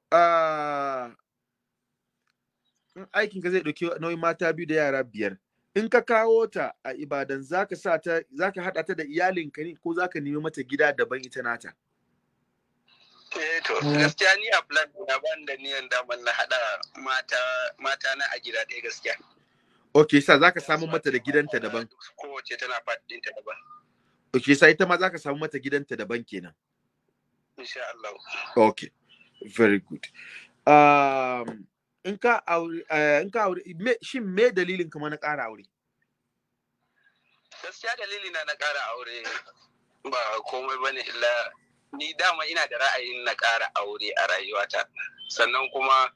in aikin ka zai ɗauki nauyin mata biyu da yara biyar. In ka kawo ta a Ibadan za ka sa ta za ka haɗa ta da iyalinka ne ko za ka nemi mata gida daban ita nata? Eh to, mm. gaskiya ni a plan na ban da niyan damar na haɗa mata mata na a gida ɗaya gaskiya. Ok, sa za ka samu mata da gidanta daban. Kowace tana ta daban. Ok, sa ita ma za ka samu mata gidanta daban kenan. insha Allah okay very good um in ka aure eh, in ka aure me shin me dalilin kuma na ƙara aure gaskiya dalili na na ƙara aure ba komai bane illa ni dama ina da ra'ayin na ƙara aure a rayuwata sannan kuma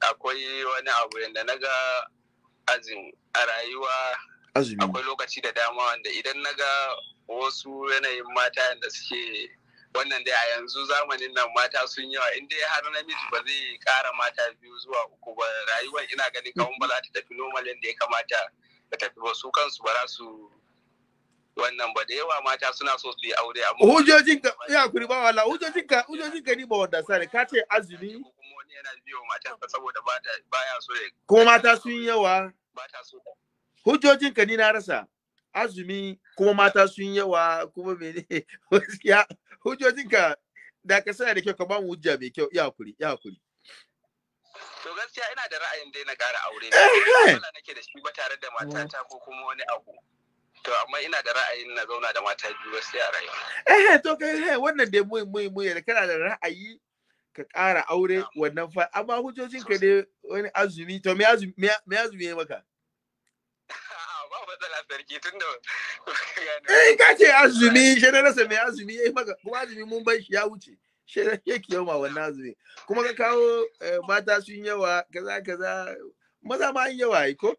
akwai wani abu yadda na ga azumi a rayuwa akwai lokaci da dama wanda idan na ga wasu yanayin mata yadda suke wannan dai a yanzu zamanin nan mata sun yawa in dai har namiji ba zai kara mata biyu zuwa uku ba rayuwar ina ganin kawun ba za ta tafi normal yadda ya kamata ta tafi ba su kansu ba za su wannan ba da yawa mata suna so su yi aure amma hujojin ka ya kuri ba wala hujojin ka hujojin ka ni ba wanda sare ka ce azumi kuma wani yana biyo mata saboda ba ta baya so ya kuma mata sun yawa ba ta so hujojin ka ni na rasa azumi kuma mata sun yawa kuma mene gaskiya hujjojinka da ka sa da kyau ka ba mu hujja mai kyau ya kuri ya kuri to gaskiya ina da ra'ayin dai na gara aure ne eh, nake da shi ba tare da matata ko kuma wani abu to amma ina da ra'ayin na zauna da mata biyu gaskiya a rayuwa eh, eh to kai eh wannan dai mu mu mu da kana da ra'ayi ka ƙara aure wannan fa amma hujjojinka dai wani azumi to me azumi me azumi maka ba matsala sarki tun da eh ka ce azumi shi na rasa mai azumi eh, maka kuma azumi mun bai shi ya wuce shi na yake ma wannan azumi kuma ka kawo eh, mata sun yawa kaza kaza maza ma an yawa ko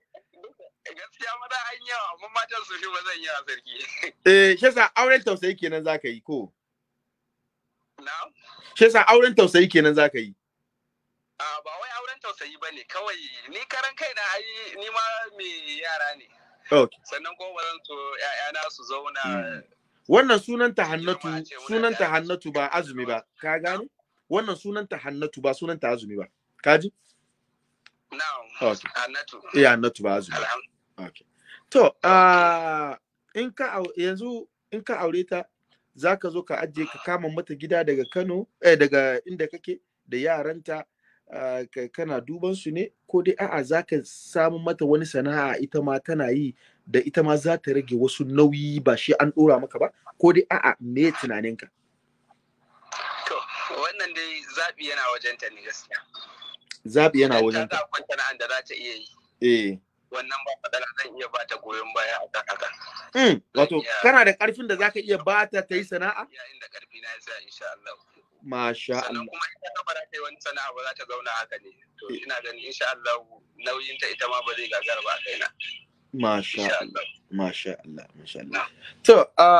gaskiya maza an yawa amma matan su shi ba zan yawa sarki eh shi yasa auren tausayi kenan zaka yi ko shi yasa auren tausayi kenan zaka yi ah, ba wai auren tausayi ba ne kawai ni karan kai na ai ni ma yara ne sannan kuma ba zan so ƴaƴana su zauna hmm. wannan sunanta hannatu eh, hannatu ba azumi ba ka gano? wannan sunanta hannatu ba sunanta azumi ba ka ji na okay. hannatu hannatu ba azumi to ah, in ka yanzu in ka aure ta ka zo ka ajiye ka kama mata gida daga Kano eh, daga inda kake da yaranta Ah, kana duban su ne ko dai a'a za ka samu mata wani sana'a ita ma tana yi da ita ma za ta rage wasu nauyi ba shi an ɗora maka ba ko dai a'a me tunaninka to wannan dai zaɓi yana wajenta ne gaskiya zaɓi yana wajenta ta akwai an da za ta iya yi eh wannan ba fadala zan iya ba ta goyon baya a kan hmm wato kana da ƙarfin da zaka iya ba ta yi sana'a ya inda ƙarfi na ya sa insha Allah Masha Allah. kuma ita ta bara kai wani sana'a ba za ta zauna haka ne. To eh. ina ganin insha Allah nauyin ta ita ma ba zai gagara ba kaina. Masha Allah. Masha Allah. Masha Allah. To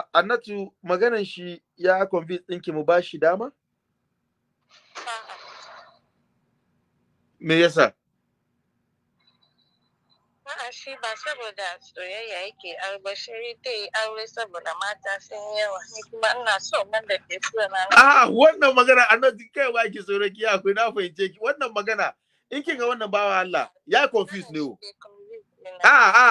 Annatu maganan shi ya convince ɗinki mu ba shi dama? Me yasa? shi ba saboda soyayya yake aure shi yi aure saboda mata sun yawa ni kuma ina so man da ke so na a wannan magana annabi kai ba ki tsoro ki akwai na fahimce ki wannan magana in kin ga wannan bawa Allah ya confuse ne o a a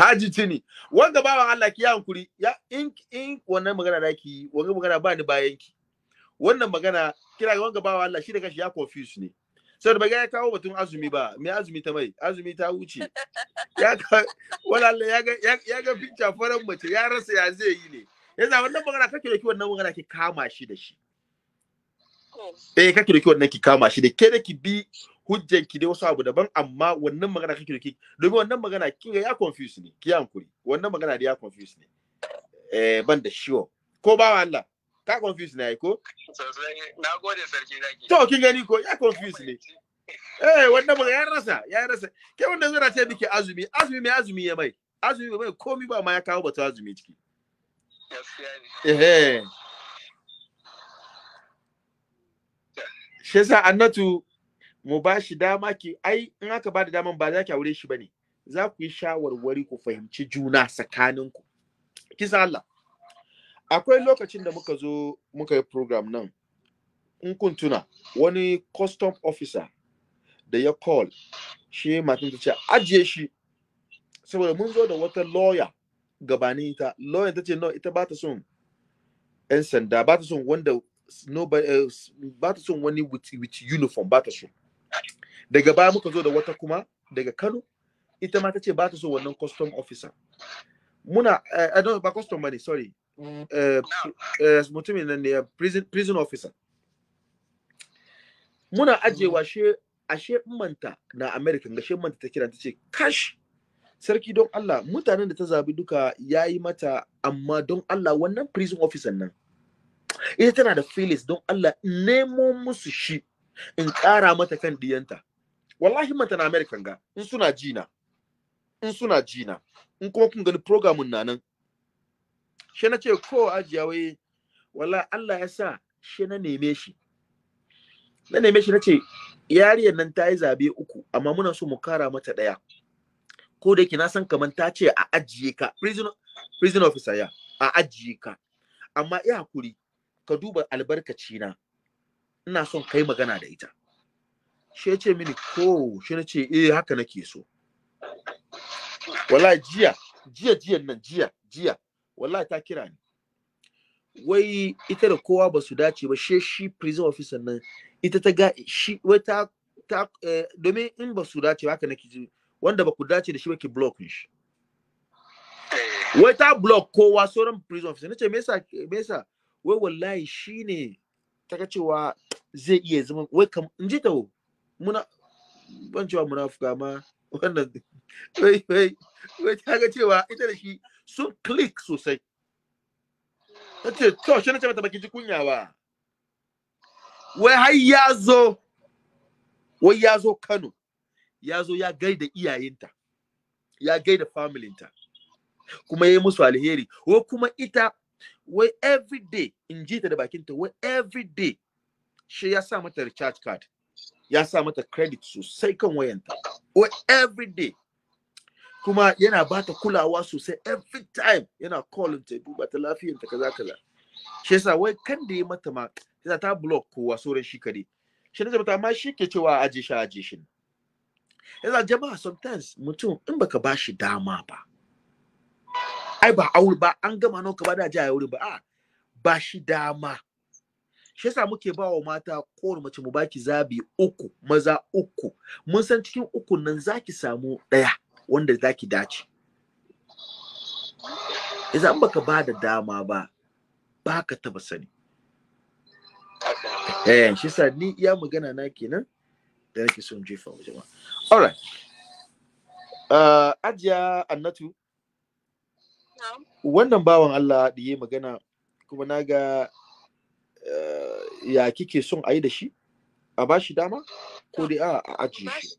haji tini wanda bawa Allah ki ya hankuri ya in in wannan magana da ki wanga magana ba ni bayan ki wannan magana kira ga wanga bawa Allah shi da kashi ya confuse ne sau da ya kawo batun azumi ba me azumi ta mai azumi ta wuce ya ka wala ya ga ya ga faran mace ya rasa ya zai yi ne yasa wannan magana kake da wannan magana ki kama shi da shi eh kake da wannan ki kama shi da ke da ki bi hujjan ki da wasu abu daban amma wannan magana kake da ki domin wannan magana kin ga ya confuse ne ki hankuri wannan magana da ya confuse ne eh ban da shiwo ko ba Allah ka confuse na ko na gode sarki zaki to kin gani ko ya confuse ne eh wannan ba ya rasa ya rasa ke wanda zura ce biki azumi azumi mai azumi ya mai azumi mai komi ba ma ya kawo batu azumi ciki eh shi yasa annatu mu ba shi dama ki ai in aka ba da daman ba za ki aure shi bane za ku yi shawarwari ku fahimci juna tsakaninku kisa Allah akwai lokacin da muka zo muka yi program nan in kun tuna wani custom officer da ya call shi matan ta ce ajiye shi saboda mun zo da wata lawyer gabanin ita lawyer ta ce no ita ba ta son yan sanda ba ta son wanda eh, ba ta son wani with, with uniform ba ta son daga baya muka zo da wata kuma daga Kano ita ma ta ce ba ta son wannan custom officer muna uh, I don't ba custom money sorry Eh, eh, mutumin nan ne prison officer muna ajewa she ashe manta na american gashe manta ta kira ta ce kash sarki don Allah mutanen da ta zabi duka ya yi mata amma don Allah wannan prison officer nan ita tana da feelings don Allah nemo musu shi in kara mata kan diyanta wallahi manta na american ga in suna jina in suna jina in kuma kun gani programun na nan shi na ce ko ajiya wai Wala Allah ya sa shi na neme shi na neme shi na ce yariyar nan ta yi zabe uku amma muna so mu kara mata ɗaya ko da yake na san kamar ta ce a ajiye ka prison officer ya a ajiye ka amma ya hakuri ka duba albarkaci na ina son kai magana da ita shi ya ce mini ko shi na ce eh haka nake so wala jiya jiya jiyan nan jiya jiya wallahi ta kira ni wai ita da kowa ba su dace ba she shi prison officer nan ita ta ga shi wai ta ta eh, domin in ba su dace ba haka nake ji wanda ba ku dace da shi ba ki block shi eh. wai ta block kowa sauran prison officer nace me yasa me yasa wai wallahi shine ta ga cewa zai iya zama wai kam in ji ta muna ban cewa munafuka ma wannan wai wai wai ta ga cewa ita da shi sun click sosai ta ce to shi na ce mata bakin ji kunya ba wai har ya zo wai ya zo kano ya zo ya gaida iyayenta ya gaida familinta kuma ya yi musu alheri wai kuma ita wai every day in ji ta da ta. wai every day shi ya sa mata recharge card ya sa mata credit sosai kan wayanta wai every day kuma yana ba ta kulawa sosai every time yana calling ta duba ta lafiyar kaza kaza shi yasa wai kan da ya mata ma yasa ta block kowa sauran shi kare shi ne zaba ma shi ke cewa aje shi aje shi yasa jama'a sometimes mutum in baka ba shi dama ba ai ba aure ba an gama nan ka ba da ji aure ba a ba shi dama shi yasa muke ba wa mata kowane mace mu baki zabi uku maza uku mun san cikin uku nan zaki samu ɗaya wanda zaki dace idan baka ba da dama ba baka taba sani eh shi sa ni iya magana na kenan da nake son jefa wa jama'a all right uh, ajiya annatu wannan bawan Allah da ya magana kuma naga ga uh, ya kike son a yi da shi a ba shi dama ko dai a ajiye shi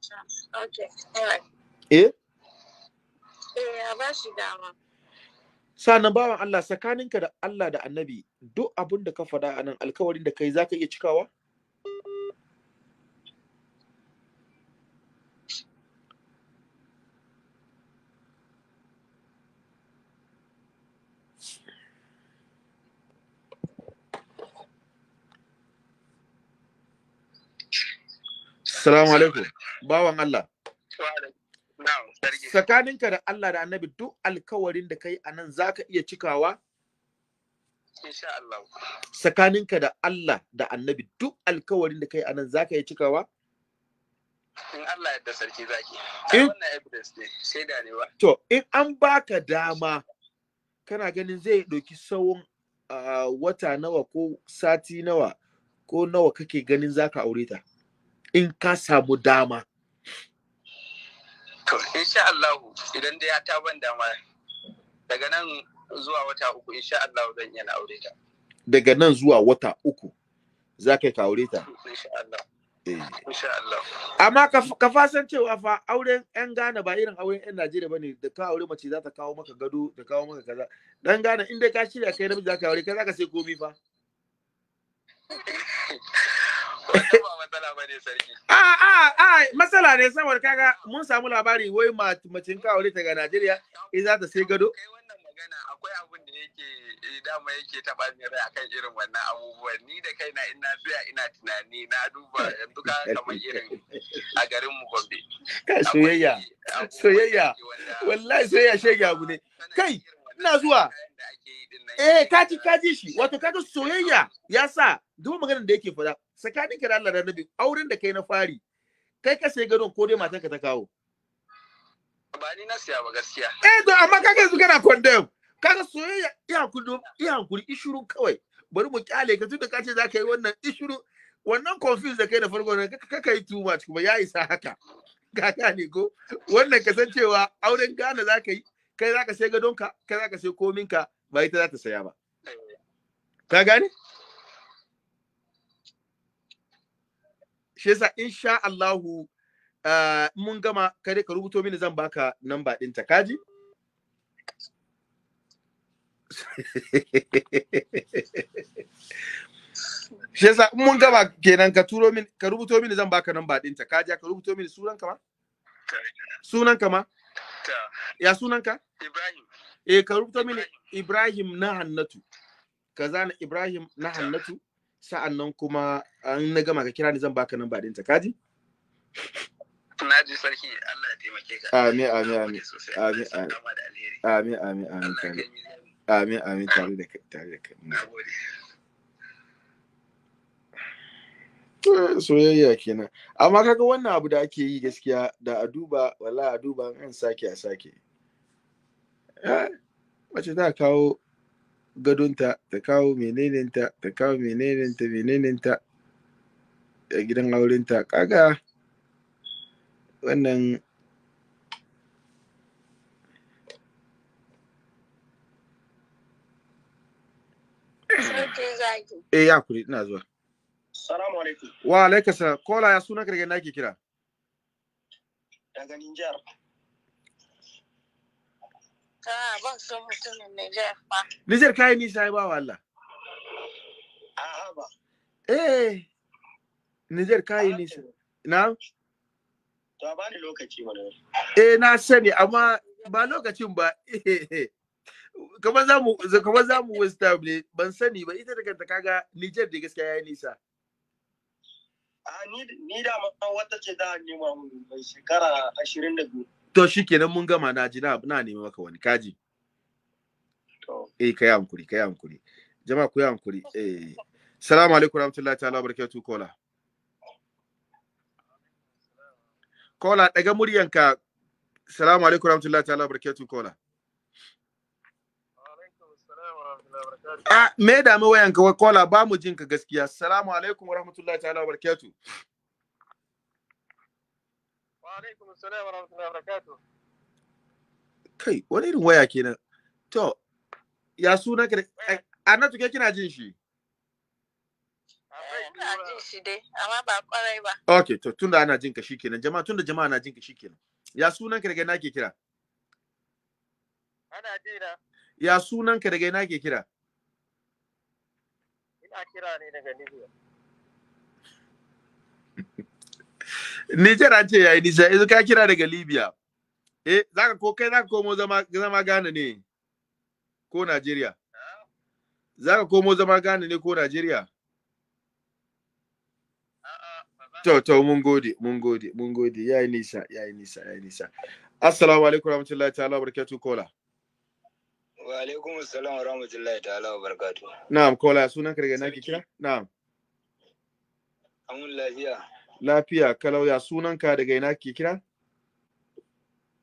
eh Eh, dama. Sa'annan bawan Allah tsakaninka da Allah da Annabi duk abin da ka faɗa a nan alkawarin da kai zaka iya cikawa? Salamu alaikum, bawan Allah. alaikum. Tsakaninka da Allah da annabi duk alkawarin da kai anan nan za ka iya cikawa? Insha Allah. Tsakaninka da Allah da annabi duk alkawarin da kai anan nan za ka iya cikawa? In Allah yadda sarki zaki. In wannan evidence ne, da ne ba. To, in an baka dama kana ganin zai ɗauki tsawon wata nawa ko sati nawa ko nawa kake ganin za ka aure ta in ka samu dama To, insha Allahu idan da ya ta ban dama daga nan zuwa wata uku insha Allahu zan yana aure ta. Daga nan zuwa wata uku za ka ka aure ta. Insha Allah. Eh. Insha Amma ka fasan cewa fa auren 'yan Ghana ba irin auren 'yan Najeriya bane da ka aure mace za ta kawo maka gado da kawo maka kaza. Dan Ghana inda ka shirya kai namiji za ka aure kai za ka sai komi fa. a ah, ah, ah, matsala ne saboda kaga mun samu labari wai macin kawai daga Najeriya in za ta sai gado magana akwai abin da yake eh, dama yake taɓa min rai akan irin wannan abubuwan ni da kaina ina tsaya ina tunani na duba yanzu ka kamar irin a garin mu Gombe kai soyayya soyayya wallahi soyayya shege abu ne kai ina zuwa eh kaji kaji shi wato kaga soyayya ya sa duk maganar da yake fada tsakanin ka da Allah da Nabi auren da kai na fari kai ka sai gado ko dai ka ta kawo ba ni na siya ba gaskiya eh to amma kaga su kana condemn kaga soyayya iya hankuri iya hankuri ishuru kawai bari mu kyale ka tunda ka ce za ka yi wannan ishuru wannan confuse da kai da farko ne ka kai too much kuma ya isa haka ka ne ko wannan kasancewa auren Ghana za ka yi kai za ka sai gadonka kai za ka sai kominka ba ita za ta saya ba ka gane shi yasa insha Allahu ah, mun gama kare ka rubuto mini zan baka namba ta kaji shi yasa mun gama kenan ka turo min ka rubuto mini zan baka namba ta kaji ka rubuto mini sunan ma? sunan ma ya sunanka ibrahim eh ka rubuta mini ibrahim na hannatu ka zana ibrahim na hannatu sa'an nan kuma an na gama ka kira ni zan baka nan ba dinta kaji na ji sarki Allah ya taimake ka amin amin amin amin amin amin amin amin amin amin Amin, da amin. Amin, amin, Eh, soyayya kenan amma kaga wannan abu da ake yi gaskiya da a duba wala a duba an sake a sake mace ta kawo gadonta ta kawo menenenta ta kawo menenenta menenenta a gidan aurenta kaga wannan Eh, ya kuri, ina zuwa. Salamu alaikum. Wa alaikum salam. Kola ya suna kirgin nake kira. Daga Nijar. ka ban so mutumin Nijar ba. kai ba wa Allah. ba. Eh. Nijar kai nisa. Na? To ba ni lokaci ba Eh na sani amma ba lokacin ba. kamar za mu kamar za mu ne ban sani ba ita da ka kaga Nijar da gaskiya ya nisa. ni da ma wata ce da nema mai shekara ashirin da biyu. To shi kenan mun gama na ji na nema maka wani kaji. Eh ka yi hankuri ka yi hankuri. Jama'a ku yi hankuri. Eh. Salamu alaikum ta ta'ala barakatu kola. Kola daga muryanka. Salamu alaikum ta ta'ala barakatu kola. A me da mu wayan ka kola ba mu jin ka gaskiya. Assalamu alaikum wa rahmatullahi ta'ala wa barakatu. Wa alaikum assalam wa rahmatullahi wa barakatu. Kai, wani irin waya kenan? To, ya suna ka Annatu ke kina jin shi? Eh, ina jin shi dai, amma ba kwarai ba. Okay, to tunda ana jin ka shikenan. Jama'a tunda jama'a na jin ka shikenan. Ya sunan ka daga na ke kira? Ana jira. ya sunan ka daga ina ke kira ina kira ne daga Libya Nijar an ce yayi nisa yanzu ka kira daga Libya eh zaka ko kai zaka komo zama zama Ghana ne ko Najeriya zaka komo zama Ghana ne ko Najeriya To, to, mun gode, mun gode, mun gode, ya yi nisa, ya yi nisa, ya yi nisa. Assalamu alaikum warahmatullahi ta'ala, barakatuh kola. Wa alaikum assalam wa rahmatullahi ta'ala wa barakatuh. Na'am, kola sunan ka daga ina ke Na'am. Amun lafiya. Lafiya, kalau ya sunan ka daga ina ke kira?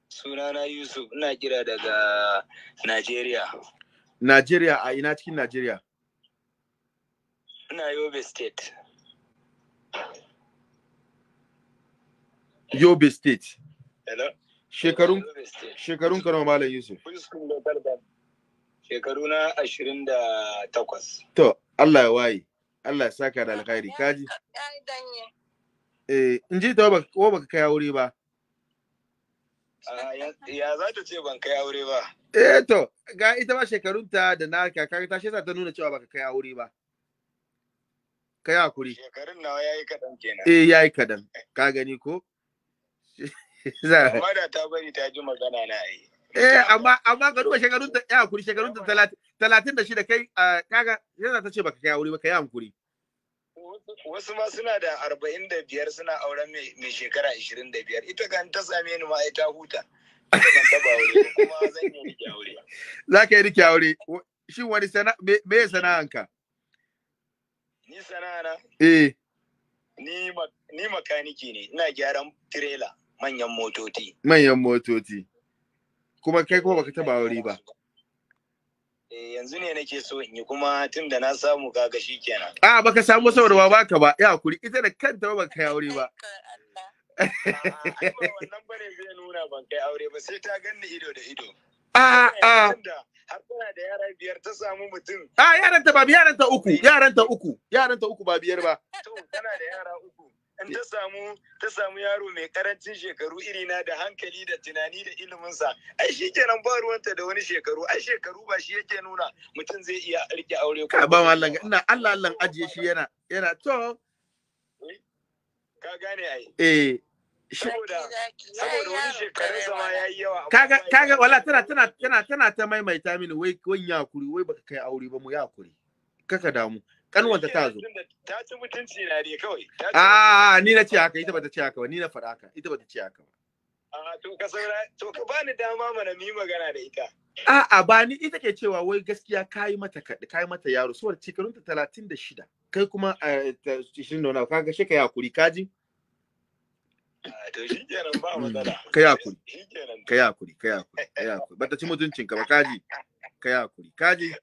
Sunana Yusuf, ina kira daga Najeriya. Najeriya a ina cikin Najeriya? Ina Yobe State. Yobe State. Hello? Shekarun shekarun kana Malam Yusuf. Shekaru na ashirin da takwas. To, Allah ya waye, Allah ya saka da alkhairi, kaji? Eh, in ji ta wa baka kai aure ba? Ya za ta ce ban kai aure ba. Eh to, ga ita ba shekarunta da na kakar ta shi ta nuna cewa baka kai aure ba. Kai hakuri. Shekarun nawa yi kadan kenan. Eh ya yi kadan. Ka gani ko? Amma da ta bari ta ji magana na yi. eh amma amma ga duba shekarun ta ya hakuri shekarun ta 36 da kai kaga yana ta ce baka kai aure ba kai hankuri wasu ma suna da 45 suna auren mai shekara 25 ita kan ta same ni ma ai ta huta za ka yi rike aure shi wani sana me ya sana'anka ni sana'ana eh ni makaniki ne ina gyaran tirela manyan motoci manyan motoci kuma kai kuma baka taba aure ba eh, yanzu ne nake so in yi kuma tun da na samu kaga shi kenan a baka samu saboda ba baka ba ya kuri ita da kanta ba baka kai aure ba wannan bane zai nuna ban kai aure ba sai ta ganni ido da ido a a har tana da yara biyar ta samu mutum a yaranta ba yaranta uku yaranta uku yaranta uku ba biyar ba to tana da yara uku in ta samu ta samu yaro mai karancin shekaru irina da hankali da tunani da iliminsa ai shi kenan ba ruwanta da wani shekaru ai shekaru ba shi yake nuna mutum zai iya rike aure ko ba mallan ina Allah Allah ajiye shi yana yana to eh, ka gane ai eh saboda wani zama yawa kaga kaga wala tana tana tana tana ta maimaita mini wai wai yakuri wai baka kai aure ba mu yakuri kaka damu kanwanta ta zo ta ci mutunci na ne kawai a ni na ce haka ita bata ce haka ba ni na faɗa haka ita bata ce haka ba a to ka saura to ka bani dama mana mi magana da ita a ba ni ita ke cewa wai gaskiya kai mata kaɗi kai mata yaro saboda shekarunta talatin da shida kai kuma eh, a da wani ka ga shi ka yakuri kaji ah, to shi kenan ba mm, matsala ka yakuri ka yakuri ka yakuri ka yakuri bata ci mutuncin ka ba kaji ka yi hakuri kaji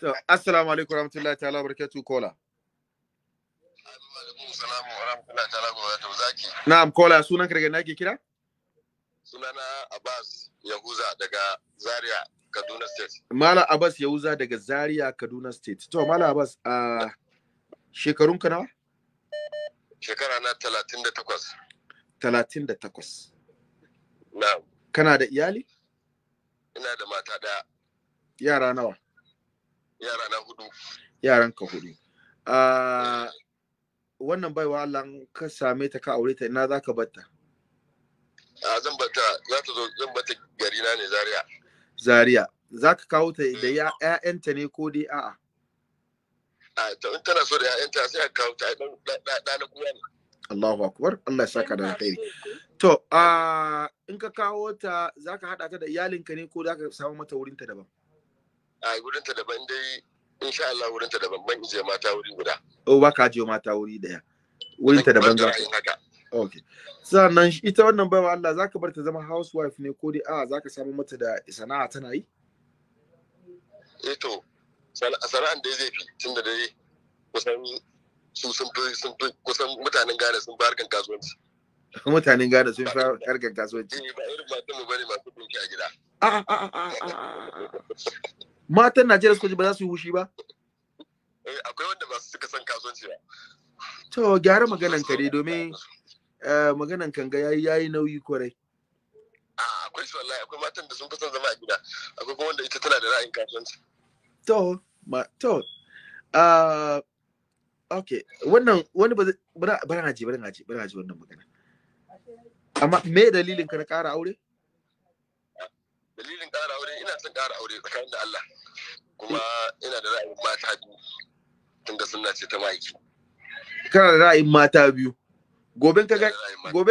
to assalamu alaikum warahmatullahi ta'ala barakatu kola Na'am kola sunan ka daga na ke kira? Sunana Abbas Yahuza daga Zaria Kaduna State. Mala Abbas Yahuza daga Zaria Kaduna State. To Mala Abbas a shekarun ka nawa? Shekara na 38. 38. Na'am. Kana da iyali? Ina da mata daya. yara nawa yara na hudu yaran ka hudu ah, eh. wannan baiwa Allah ka same ta ka aure ta ina za ka batta a ah, zan batta za ta zo zan batta gari na ne zaria zaria za ka kawo ta da mm. ya'yanta ne ko dai a'a a ah, in tana so da ya'yanta sai ka kawo ta dan dan kuwa ne Allahu akbar Allah ya saka da alkhairi to a in ka kawo ta za ka hada ta da iyalinka ne ko za ka samu mata wurinta daban a wurin ta daban dai insha Allah wurin ta daban ban je mata wuri guda oh ba ka je mata wuri daya wurin ta daban za okay sannan ita wannan baiwa Allah zaka bar ta zama housewife ne ko dai a zaka samu mata da sana'a tana yi eh to sana'an da zai fi tunda dai kusan su sun fi sun fi kusan mutanen Ghana sun bar kan kasuwanci mutanen Ghana sun fi harkan kasuwanci eh, ba irin matan mu bane masu dinki a gida a a a a matan Najeriya suka ji ba za su yi wushi ba eh, akwai wanda ba su suka san kasuwanci ba to gyara maganan kare domin eh, maganan kanga yayi yayi nauyi kwarai ah, akwai su wallahi akwai matan da sun fi son zama a gida akwai kuma wanda ita tana da ra'ayin kasuwanci to ma to uh, okay wannan wani ba bari na ji bari na ji bari na ji wannan magana amma me dalilin ka na ƙara aure dalilin ƙara aure ina son ƙara aure tsakanin da Allah kuma ina da ra'ayin mata biyu tunda suna ce ta ma'aiki kana da ra'ayin mata biyu Gobe ka ga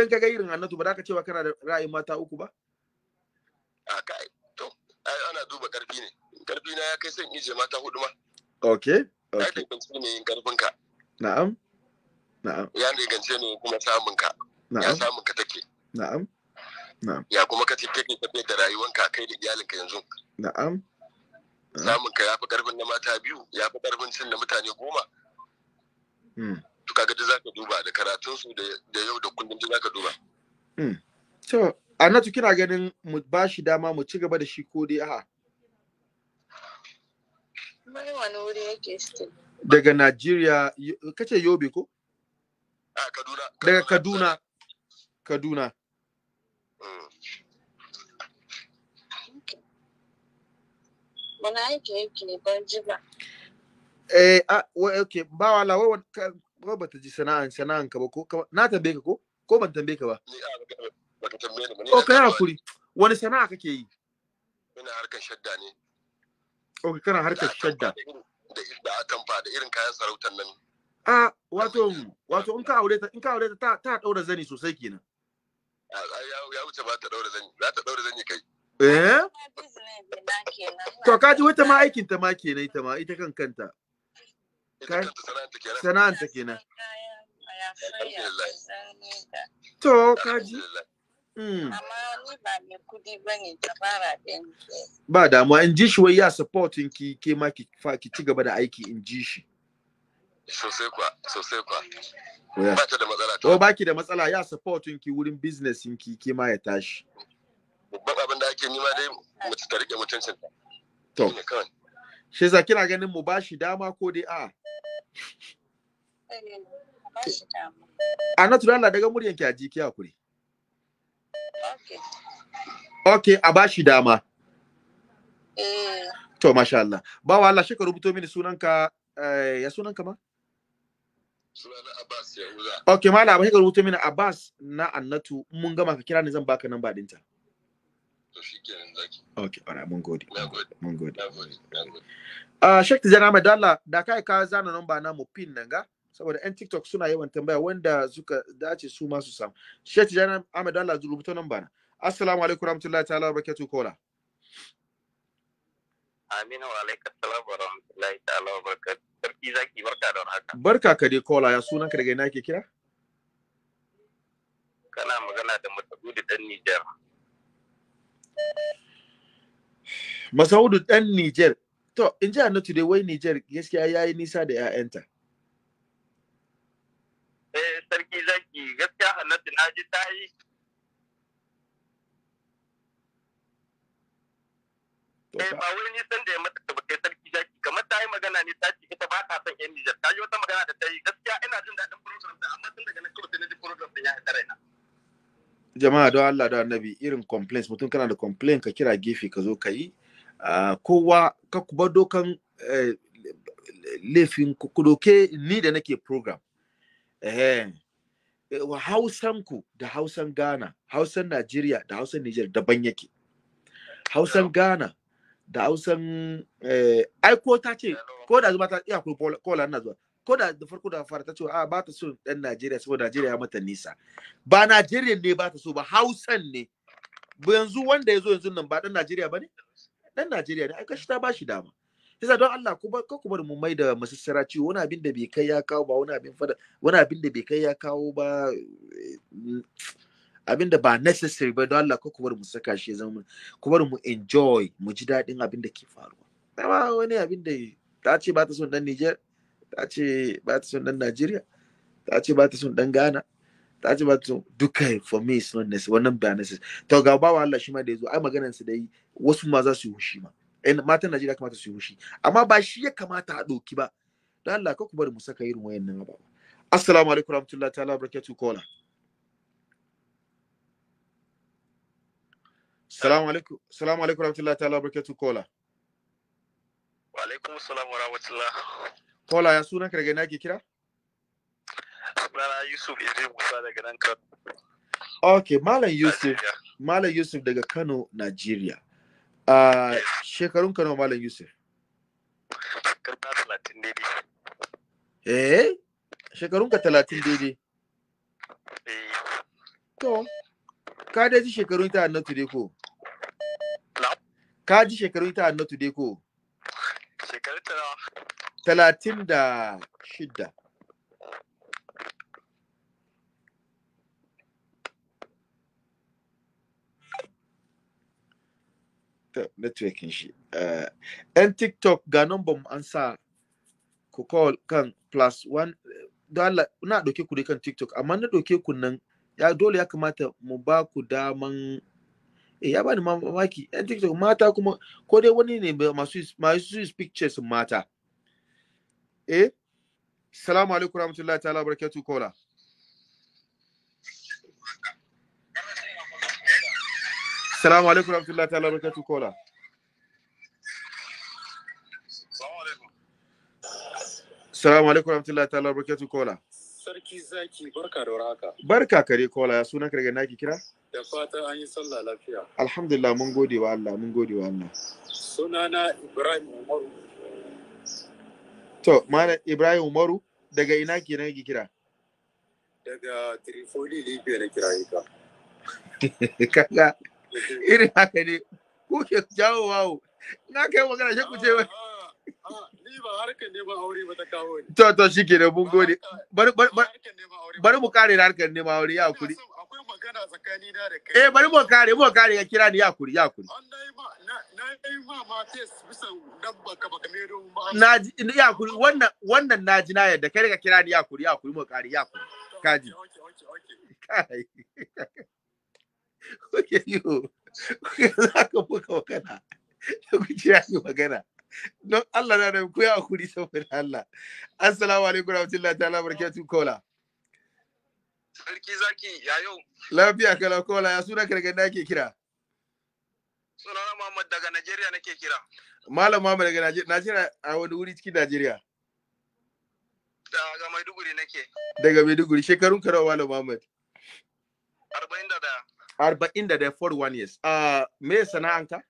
ka ga irin annatu ba za ka cewa kana da ra'ayin mata uku ba a kai to ai ana duba karfi ne karfi na ya kai son ije mata hudu ma okay okay ai tantance ne yin karfin ka na'am na'am ya gance ne kuma samun ka ya samun ka take na'am na'am ya kuma kace kake tafiyar da rayuwanka kai da iyalinka yanzu na'am namun ka ya fi karfin na mata biyu ya fi karfin cin da mutane goma hmm. to kaga da zaka duba da karatun su da yau da kullum da ka duba hmm. to annatu kina ganin mu ba shi dama mu ci gaba da shi ko dai a mai wani wuri yake still daga Najeriya kace Yobe ko a Kaduna daga Kaduna Kaduna hmm. wani aiki yake eh ah okay ba wala wai ko ta ji sana'an sana'an ka ba ko na tambaye ka ko ko ban tambaye ka ba hakuri wani sana'a kake yi ina harkar shadda ne kana harkar shadda da atamfa da irin kayan sarautar nan wato wato in ka aure ta in ka aure ta ta daura zani sosai kenan ya wuce ba ta daura zani za ta daura zani kai Eh? To kaji wata ma aikin ta ma kenan ita ma ita kan kanta. Sana'anta kenan. To kaji. Hmm. Amma ni ba mai kudi ba ne dabara ɗin. Ba damuwa in ji shi wai ya supportin ki ke ma ki ci gaba da aiki in ji shi. Sosai kwa, sosai kwa. Ba ki da matsala. Oh, ba ki da matsala ya supportin ki wurin business ki ke ma ya tashi. babban abin da ake nima dai mace ta rike mutuncin to shi za kina ganin mu bashi dama ko dai a eh, a natural daga muryan ki a jikiya ki ok a bashi dama eh. to masha Allah ba wa Allah shekaru ka rubuto mini sunanka eh, ya sunanka ma Abbas ya uza okay mala ba shi ka rubuta mini Abbas na Annatu mun gama ka kira ni zan baka namba dinta Okay. to shi kenan zaki okay all right mun a ah, zana mu pin nanga saboda yan tiktok suna yawan tambaya wanda suka dace su ma su samu shek tijana ahmed dala rubuta namba assalamu alaikum warahmatullahi ta'ala wabarakatuh kola Aminu wa alaikar salam wa rahmatullahi wa barakatuh. Sarki zaki barka da haka. Barka ka dai kola ya ke kira? Kana magana da Matadu da ɗan Nijar. Masaudu ɗan Niger. To, in ji Annatu today wai Niger gaskiya ya yi nisa da ‘ya'yanta. Eh, sarki zaki gaskiya na ji ta yi. Eh, ba wai nisan da ya mata bakai sarki zaki kamar ta yi magana ne ta ce ita ba ta son ‘yan Niger. Ta yi wata magana da ta yi gaskiya ina jin daɗin program da amma tun daga kawai ji program ya haɗa raina. jama'a don Allah da annabi irin complaints mutum kana da complaint ka kira gefe ka zo ka yi kowa ka kuba dokan laifin ku doke ni da nake program hausan ku da hausan ghana hausan Nigeria da hausan niger daban yake hausan ghana da hausan ai ko ta ce ko da zuba ta iya kola na zuwa ko da da farko da fara ta ce a ah, ba ta so dan Najeriya saboda Najeriya mata nisa ba Najeriya ne ba ta so ba Hausan ne yanzu wanda ya zo yanzu nan ba dan Najeriya ba ne dan Najeriya ne ai kashi ta ba shi dama yasa don Allah ku ba ku bar mu mai da masassara ci wani abin da bai kai ya kawo ba wani abin fada wani abin da bai kai ya kawo ba eh, abin da ba necessary ba don Allah ku bar mu saka shi zama ku bar mu enjoy mu ji daɗin abin da ke faruwa ba wani abin da ta ce ba ta so dan Niger ta ce ba ta son dan Najeriya ta ce ba ta son dan Ghana ta ce ba ta son duka for me is not necessary wannan ba necessary to ga ba wa Allah shi ma da yazo ai maganar su dai wasu ma za su yi hushi ma ɗan eh, matan Najeriya kamata su yi hushi amma ba shi ya kamata a ɗauki ba don Allah ka ku bari mu saka irin wayannan ba. assalamu alaikum warahmatullahi ta'ala barakatuh kola salamu alaikum salamu alaikum warahmatullahi ta'ala barakatuh kola wa alaikum assalam warahmatullahi Paula ya sunan daga na ke kira? Sunana Yusuf Eze Musa daga nan Kano. Ok, Malam Yusuf, Malam Yusuf daga Kano, Nigeria. Uh, shekarun Kano Malam Yusuf? Shekarun talatin daidai. Eh? Shekarun ka talatin daidai. Eh. To, ka dai ji shekarun ta annatu today ko? Ka ji shekarun ta annatu today ko? Shekarun ta talatin da shidda networking shi yan eh, tiktok ga number mu an sa ku call kan plus one dala na ɗauke ku dai kan tiktok amma na ɗauke ku nan ya dole ya kamata mu ba ku daman eh ya bani mamaki yan tiktok mata kuma ko dai wani ne masu masu pictures mata eh salamu alaikum rahmatullahi ta'ala ketu kola salamu alaikum rahmatullahi ta'ala ketu kola salamu alaikum rahmatullahi ta'ala ketu kola sarki zaki barka da warhaka barka kare kola ya sunan kare naki kira da fatan an yi sallah lafiya alhamdulillah mun gode wa Allah mun gode wa Allah sunana Ibrahim Umaru To, mana Ibrahim Umaru, daga ina ke kenan yake kira? Daga Trifoli Libya na kira yi ka. Kaga, irin haka ne, kuke jawo wawo, na kai magana shi kuce wa. wai. Ah, ah, ah, ni ba harkar neman aure ba ta kawo ni. To, to, shi ke da mun gode. Bari mu kare da harkar neman aure, ya kuri. akwai magana tsakani na da kai. Eh bari mu kare mu kare ya kira ni ya kuri ya kuri. Na yi ma ma bisa baka ma. Na ji ya kuri wannan wannan na ji na yadda kai ka kira ni ya kuri ya kuri mu kare ya kuri. Kaji. Kai. Kuke yi o. Kuke za ka buga magana. Ku kira ni magana. Don Allah na da ku ya kuri saboda Allah. Assalamu alaikum warahmatullahi ta'ala barakatuh kola. Sarki zaki ya yau. Lafiya kala kola ya suna kirgin da ake kira. na Muhammad daga Najeriya nake kira. Malam Muhammad daga Najeriya a wani wuri cikin Najeriya. Daga Maiduguri nake. Daga Maiduguri shekarun karawa Malam Muhammad. Arba'in da daya. Arba'in da daya for one years. Uh, me sana'anka?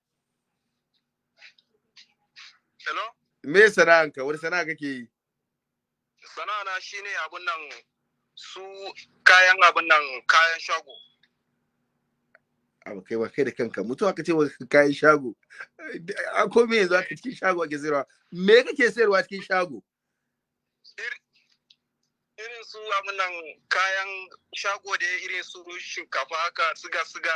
Hello? Me sana'anka? Wani sana'a kake yi? Sana'a na shi ne abun nan su kayan abin nan kayan shago abu kai ba kai da kanka mutuwa aka ce wasu kayan shago a komi yanzu aka cikin shago ake sayarwa me kake sayarwa cikin shago irin su abin nan kayan shago da irin su shinkafa haka siga siga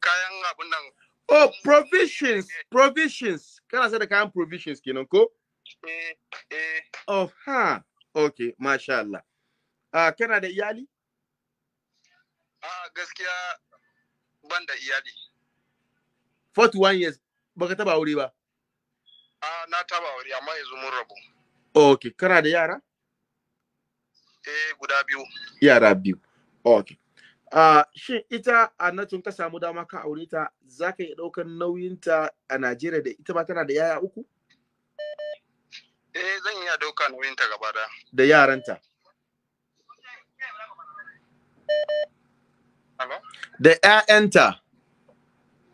kayan abin nan oh provisions provisions kana sai da kayan provisions kenan ko eh eh oh ha okay masha Allah uh, kana da iyali a ah, gaskiya ban da iyali 41 years baka taba aure ba a ah, na taba aure amma yanzu mun rabu okay kana da yara eh guda biyu yara biyu okay Uh, shin ita annatun ka samu dama ka aure ta za ka iya ɗaukar nauyinta a Najeriya da ita ma tana da yaya uku? Eh zan iya ɗauka nauyinta gaba da. Da yaranta? da ya ƴaƴanta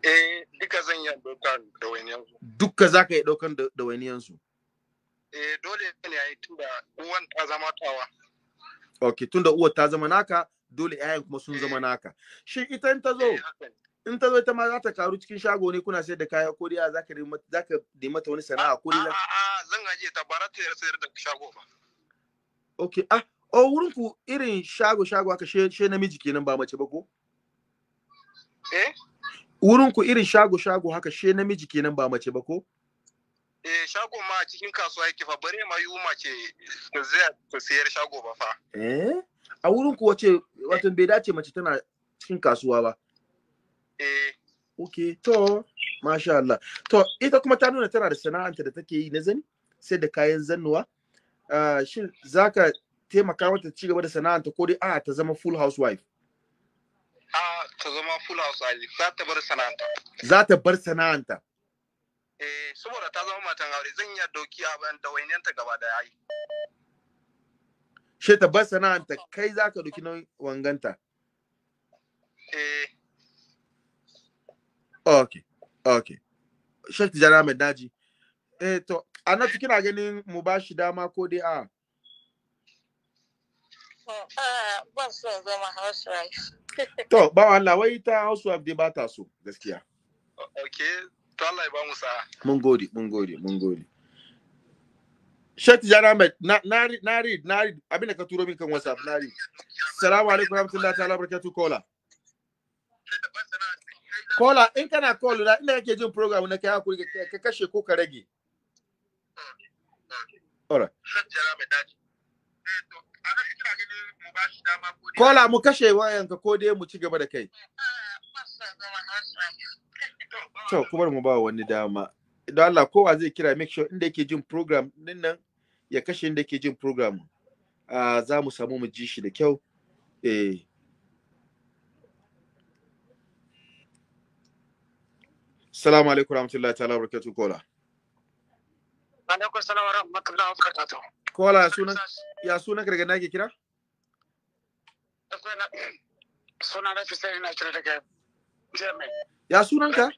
eh duka zan iya ɗaukar ɗawainiyansu duka za ka iya ɗaukar ɗawainiyansu eh dole ne yayi tunda uwan ta zama tawa ok tunda uwar ta zama naka dole ƴaƴan kuma sun zama eh. naka Shi ita in ta zo eh, in ta zo ita ma za ta karu cikin shago ne kuna sayar da kaya ko dai za ka za ka nemi mata wani sana'a ko dai a a zan ajiye ta ba za ta sayar da shago ba ok ah o oh, wurin ku irin shago shago aka she, namiji kenan ba mace ba ko eh wurin ku irin shago shago haka she namiji kenan ba mace ba ko eh shago ma cikin kasuwa yake fa bare ma yi mace zai ta sayar shago ba fa eh a wurin ku wace watan bai dace mace tana cikin kasuwa ba eh okay to masha Allah to ita kuma ta nuna tana da sana'anta da take yi na zani sai da kayan zannuwa uh, shin zaka taimaka mata ci gaba da sana'anta ko dai a ta zama full housewife a ta zama full housewife za ta bar sana'anta za ta bar sana'anta eh saboda ta zama matan aure zan iya doki abin da ta gaba da yayi she ta bar sana'anta kai za ka doki nauyin wanganta eh okay okay shek Jana ahmed daji eh to anatu kina ganin mu ba shi dama ko dai a To, ba Allah wai ta hausu dai ba ta so gaskiya. Okay, to Allah ya ba mu sa. Mun gode, mun gode, mun gode. Sheikh Tijjani Ahmed, na read, na read, na read, abin da ka turo min kan WhatsApp, na read. Salamu alaikum rahmatullahi ta'ala barakatuh kola. Kola, in kana call da ina yake jin program na kai hakuri ka kashe ko ka rage. All right. Kola mu kashe wayanka ko dai mu ci gaba da kai. To kuma mu ba wani dama. Don Allah kowa zai kira make sure inda yake jin program din nan ya kashe inda yake jin program. Uh, za mu samu mu ji shi da kyau. Eh. Salamu alaikum warahmatullahi ta'ala barakatuh kola. Alaikum salam wa rahmatullahi wa barakatuh. Kola ya sunan ya sunan daga nake kira? suna na fisa yana kira daga germany ya sunanka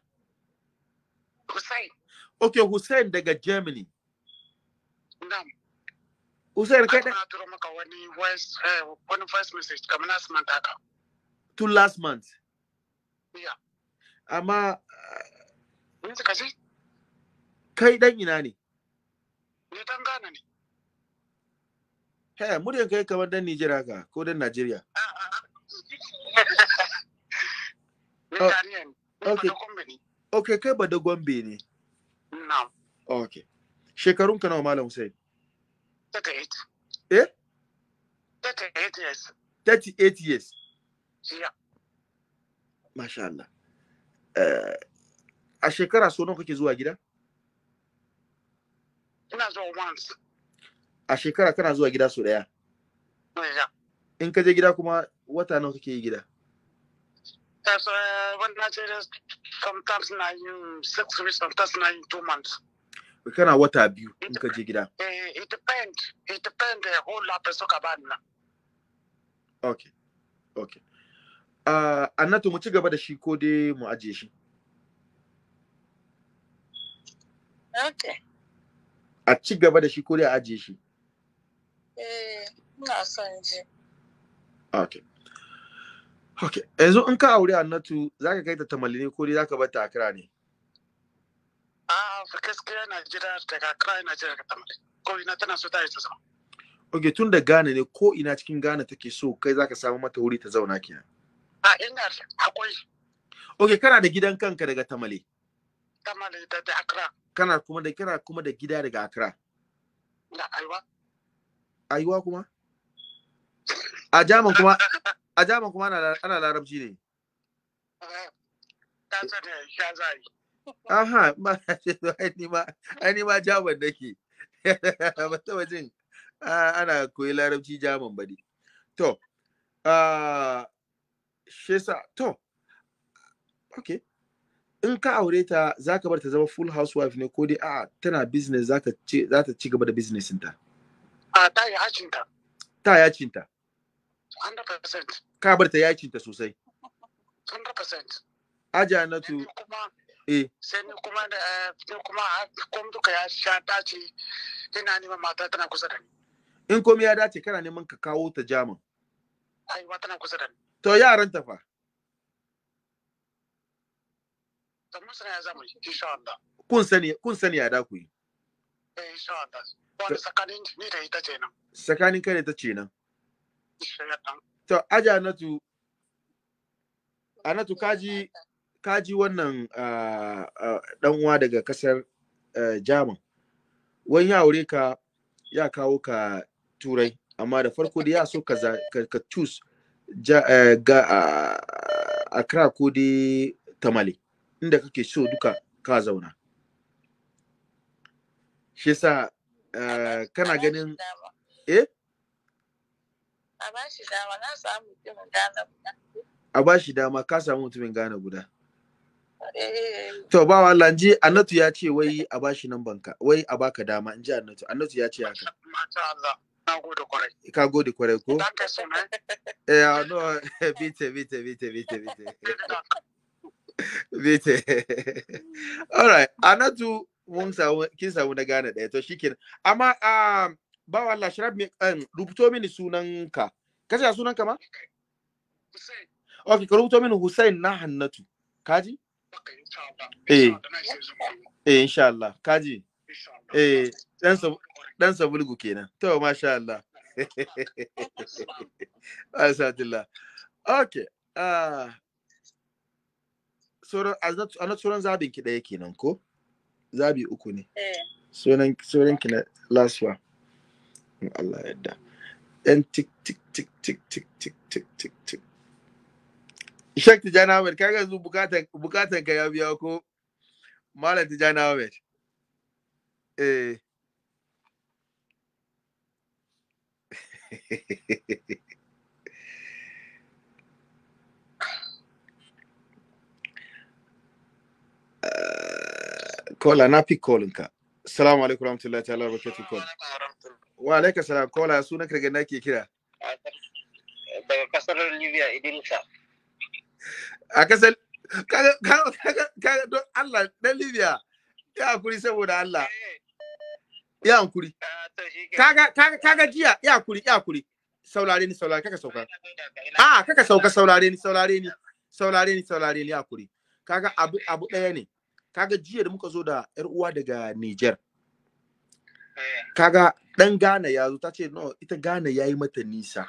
hussein ok hussein daga germany nam hussein kai da turo maka wani voice eh, wani voice message kamar last month haka to last month yeah amma uh, kai dan ina ne ni dan gana ne Hey, muryan kai kamar dan Nijar haka ko dan Najeriya. Okay. Okay, kai ba da Gombe ne. No. Okay. Shekarun ka nawa Malam Hussein? 38. Eh? 38 years. 38 years. Yeah. Masha Allah. Uh, a shekara so nawa kake zuwa gida? Ina zuwa once. a shekara kana zuwa gida su daya in ka je gida kuma wata nawa kake yi gida eh, kana wata biyu in ka je gida eh, it depend it depend the whole lot suka ba Ok, ok. uh, annatu mu ci gaba da shi ko dai mu ajiye shi Ok. a ci gaba da shi ko dai a ajiye shi Ina son Okay. Okay, yanzu in ka aure Annatu za ka kai ta tamale ne ko dai za ka bar ta Accra ne? A'a, gaskiya na jira daga Accra na jira daga tamale. Ko ina tana so ta yi ta zama. Okay, tun da Ghana ne ko ina cikin Ghana take so kai za ka samu mata wuri ta zauna kenan. A ina akwai. Okay, kana da gidan kanka daga tamale. Tamale da da Accra. Kana kuma da kira kuma da gida daga Accra. Na aiwa. Aiwa kuma? a jamun kuma a jamun kuma ana larabci ne aha ma ai ce so ainihin ni ma jaman da ke. taba wajen ana koyi larabci jamun ba to shi sa to okay in ka aure ta za ka bar ta zama full housewife ne ko dai a tana business za ta ci gaba da business ta a ta yi hacinta ta yi hacinta 100%. Ka bar ta yakin ta sosai. 100%. na tu Eh. Sai ni kuma da eh, ni kuma kom duka ya sha dace ina neman mata tana kusa da ni. In komai ya dace kana neman ka kawo ta jamin. Aiwa tana kusa da ni. To yaran ta fa. Da mun sani ya zamu insha Allah. Kun sani kun sani ya da ku yi. Eh insha Allah. Wani sakanin ni da ita ce nan. sakanin kai da ta ce nan. To, aji Anatu, Anatu kaji kaji wannan dan uwa daga kasar Jaman. Wani ya aure ka ya kawo ka Turai, amma da farko da ya so ka ka choose ga ko dai Tamale, inda kake so duka ka zauna. Shi yasa kana ganin eh a ba shi dama na samu mutumin gane guda a ba shi dama ka samu mutumin gane guda eh. to ba wa Allah ji Annatu ya ce wai a ba shi nan banka wai a baka dama in ji Annatu Annatu ya ce haka ka gode kwarai ko eh ah, no bite bite bite bite bite Vite. All right. Annatu mun samu kin samu na gane ɗaya to shikenan. Amma um, ba wa Allah shirab me um, rubuto mini sunanka kace ya sunanka ma Hussein okay ka rubuto mini Hussein na Hannatu kaji eh eh insha Allah eh, kaji eh dan sa dan sa bulgu kenan to masha Allah Asadillah okay ah sauran a sauran zabin ki daya kenan ko zabi uku ne eh. sunan sauran ki na last one in Allah yadda ɗan tik tik tik tik tik tik tik tik tik Shek Tijjani Ahmed ka ga yanzu bukatan ka ya biya ko Malam Tijjani Ahmed eh kola eh, na fi kolinka. Salamu alaikum warahmatullahi ta'ala barakatuh kola. Wa alaika salam kola sunan kirgin na ke kira. Daga kasar Libya Idrisa. A kasar kaga don Allah dan Libya ya hankuri saboda Allah. Ya hankuri. Eh, eh, kaga kaga jiya ya hankuri ya hankuri. saurare ni saurare kaka sauka. A ah, kaka sauka saurare ni saurare ni saurare ni saurare ni ya hankuri. Kaga abu abu ɗaya ne. Kaga jiya da muka zo da 'yar uwa daga Niger. kaga dan Ghana ya zo ta ce no ita Ghana yayi mata nisa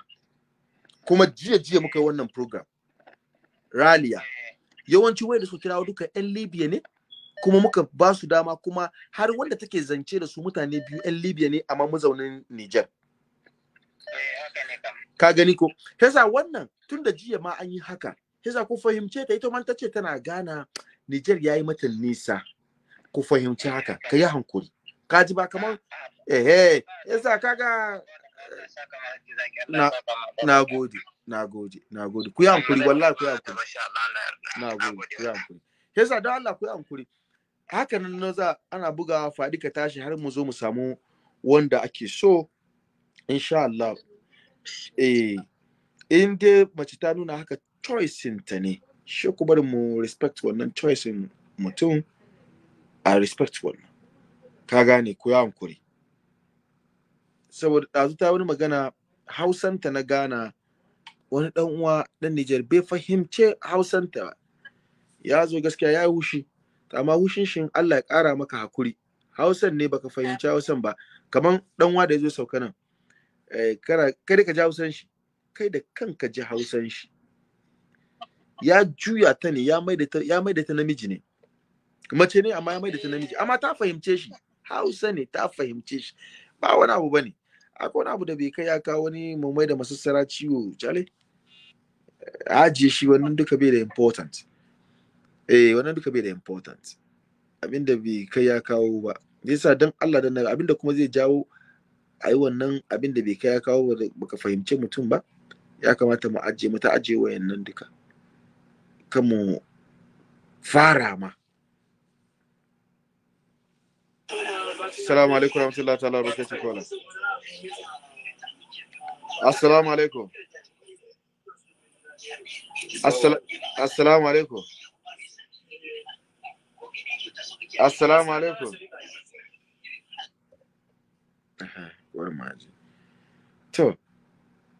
kuma jiya jiya muka yi wannan program Raliya yawanci wayanda su kirawo duka yan Libya ne kuma muka ba su dama kuma har wanda take zance da su mutane biyu yan Libya ne amma mu mazaunin Niger ka gani ko yasa wannan tun da jiya ma an yi haka heza ku fahimce ta ita man ta ce tana gana Niger yayi mata nisa ku fahimci haka ka yi hankuri ka ji ba kamar eh eh yasa kaga na gode na gode na gode ku yi hankuri wallahi ku yi hankuri na gode ku yi hankuri yasa don Allah ku yi hankuri haka nan na za ana bugawa fadi ka tashi har mu zo mu samu wanda ake so insha Allah eh in dai mace ta nuna haka choice ta ne shi ku bari mu respect wannan choice mutum a respect wannan ka gane ko ya saboda ɗazu ta wani magana hausanta na gana, wani ɗan uwa ɗan nijar bai fahimce hausanta ba ya zo gaskiya ya yi hushi amma hushin shin allah ya ƙara maka hakuri hausan ne baka fahimci hausan ba kaman ɗan uwa da ya zo sauka nan eh, kada ka ji hausan shi kai da kanka ji hausan shi ya juya ta ne ya maida ta namiji ne mace ne amma ya maida ta namiji amma ta fahimce shi hausa ne ta fahimce shi ba wani abu bane akwai wani abu da bai kai ya kawo wani mai da masassara ciwo jale eh, ajiye shi wannan duka bai da important eh wannan duka bai da important abinda bai kai ya kawo ba yasa dan Allah dan abinda kuma zai jawo a yi wannan abinda bai kai ya kawo ba baka fahimce mutum ba ya kamata mu ajiye mu ta ajiye wayannan duka kan mu fara ma assalamu alaikum rahmatullahi ta'ala barakatuh kola assalamu alaikum assalamu alaikum assalamu alaikum wani maji to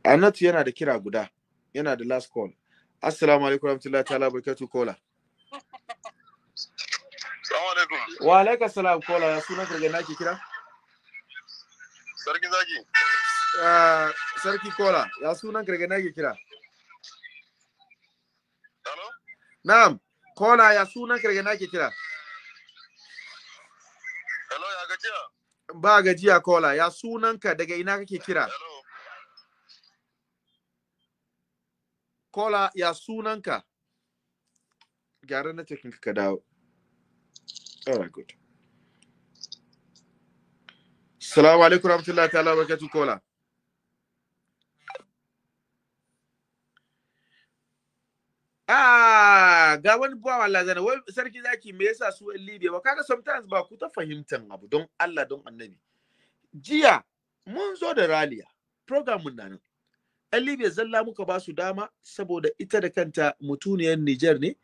anatu yana da kira guda yana da last call assalamu alaikum rahmatullahi ta'ala barakatuh kola Wa alaika salam kola ya sunan kurga na ke kira? Sarki zaki. Ah, sarki kola ya sunan kurga na ke kira? Hello? Na'am. Kola ya sunan kurga na ke kira? Hello ya gajiya? Ba gajiya kola ya sunanka daga ina kake kira? Hello. Kola ya sunanka? Gyara na cikin ka dawo. All right, good. alaikum rahmatullahi ta'ala kola. Ah, ga wani bawa Allah zana, wai sarki zaki me yasa su in Libya ba kaga sometimes ba ku ta fahimtan abu don Allah don Annabi. Jiya mun zo da Raliya, program mun nan. ‘Yan Libya zalla muka ba su dama saboda ita da kanta mutuniyar Nijar ne,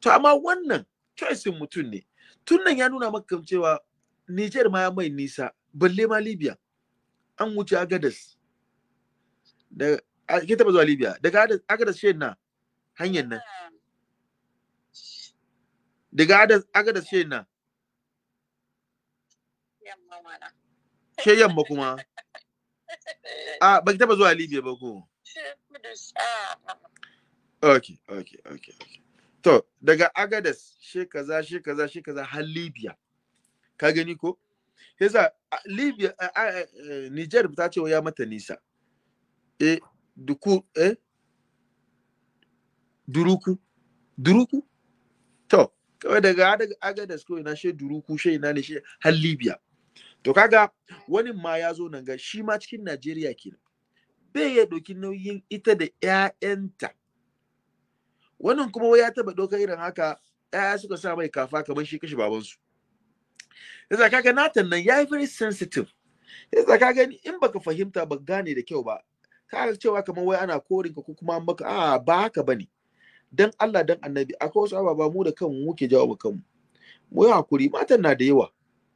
to amma wannan choice mutum ne. tun nan ya nuna maka cewa Niger ma ya mai nisa balle ma Libya an wuce Agadas da ke taba zuwa Libya daga Agadas shi na hanyar nan daga Agadas shi na ke yamma kuma a ba ki taba zuwa Libya ba ko okay okay okay okay To, daga Agadas, shi kaza, shi kaza, shi kaza har Libya. Ka gani ko? Yasa Libya, Niger ta ce ya mata nisa. E, duku, eh? Duruku. Duruku? To, kawai daga Agadas ko ina shi Duruku, shi ina ne shi har Libya. To kaga wani ma ya zo nan ga shi ma cikin Najeriya kenan. Bai ya ɗauki nauyin ita da ‘ya'yanta. wannan kuma wai ya taba ɗaukar irin haka ɗaya suka sa mai kafa kamar shi kashe babansu yasa kaga natan nan yayi very sensitive yasa kaga gani in baka fahimta ba gane da kyau ba ka ga cewa kamar wai ana korin ka ko kuma baka a ba haka bane dan Allah dan annabi akwai wasu ababa mu da kanmu muke jawo kanmu mu yi hakuri matan na da yawa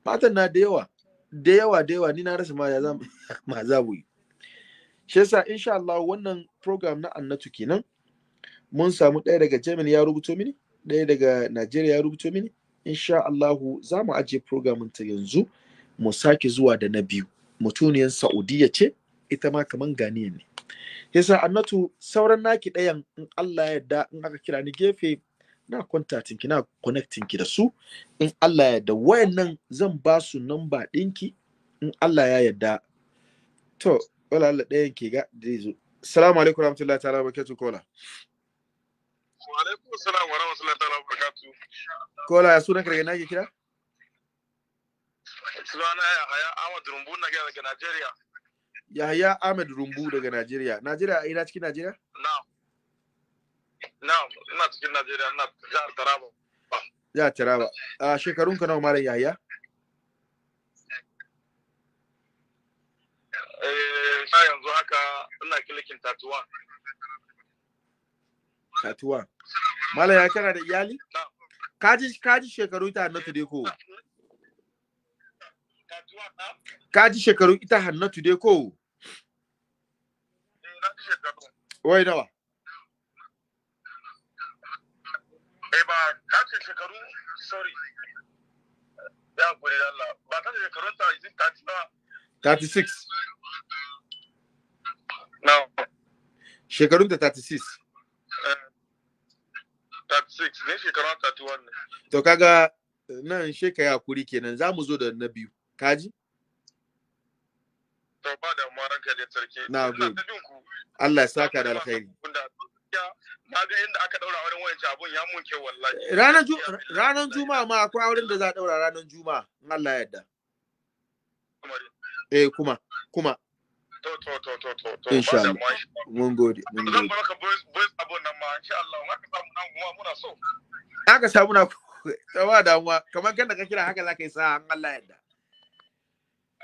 matan na da yawa da yawa da yawa ni na rasa ma ma za mu yi shi yasa insha Allah wannan program na annatu kenan mun samu ɗaya daga Germany ya rubuto mini ɗaya daga Najeriya ya rubuto mini insha Allahu za mu ajiye programin ta yanzu mu sake zuwa da na biyu mutuniyar Saudiya ce ita ma kamar ganiya ne yasa annatu sauran naki ɗayan in Allah ya yarda in aka kira ni gefe na kwanta na connecting ki da su in Allah ya yarda wayannan zan ba su number ɗinki in Allah ya yarda to wala Allah ɗayan ke ga da zo Salamu alaikum ta'ala barakatuh kola Kola ya sunan kirgin nake kira? Sunana ya haya Ahmad Rumbu na daga Najeriya. Ahmed Rumbu daga Najeriya. Najeriya ina cikin Najeriya? Na'am. ina cikin Najeriya, jihar Taraba. Taraba. A shekarun ka nawa malam Yahya? Eh, yanzu haka ina kilikin tatuwa. katuwa mala ya kana da iyali kaji kaji shekaru ita hannatu dai ko kaji shekaru ita hannatu dai ko wai nawa eh kaji shekaru sorry ya Allah ba 36 shekarun ta 36 To kaga nan sheka ya kuri kenan za mu zo da na biyu. Kaji? To ba da mu ranka da sarki. Na gode. Allah ya saka da alkhairi. Na ga inda aka daura wurin wancan abun ya munke wallahi. Ranar ranar Juma'a ma akwai wurin da za a daura ranar Juma'a Allah ya yarda. Eh kuma kuma to to to to to to mun gode mun gode zan baka abun muna so damuwa kamar da ka kira haka zaka yi sa an Allah yadda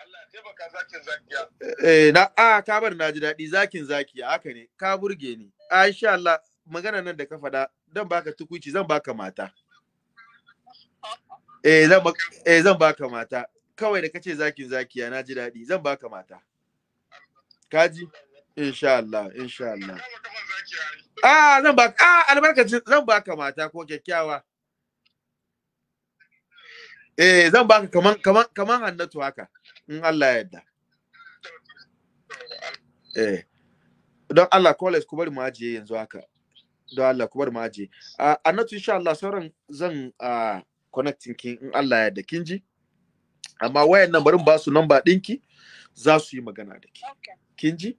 Allah eh, na a ka bar na ji daɗi zakin zakiya haka ne ka burge ni a insha Allah magana nan da ka faɗa dan baka tukuci zan baka mata eh, eh zan baka mata kawai da kace zakin zakiya na ji daɗi zan baka mata kaji insha Allah insha Allah ah zan ba ah albarkacin zan ka mata ko kyakkyawa eh zan ka kaman kaman kaman hannatu haka in Allah ya yarda eh don Allah college ku bari mu ajiye yanzu haka don Allah ku bari mu ajiye ah, annatu insha Allah sauran zan ah, connecting kin in Allah ya yarda kin ji amma wayan nan bari mu ba su number ɗinki za su yi magana da ki okay. kin ji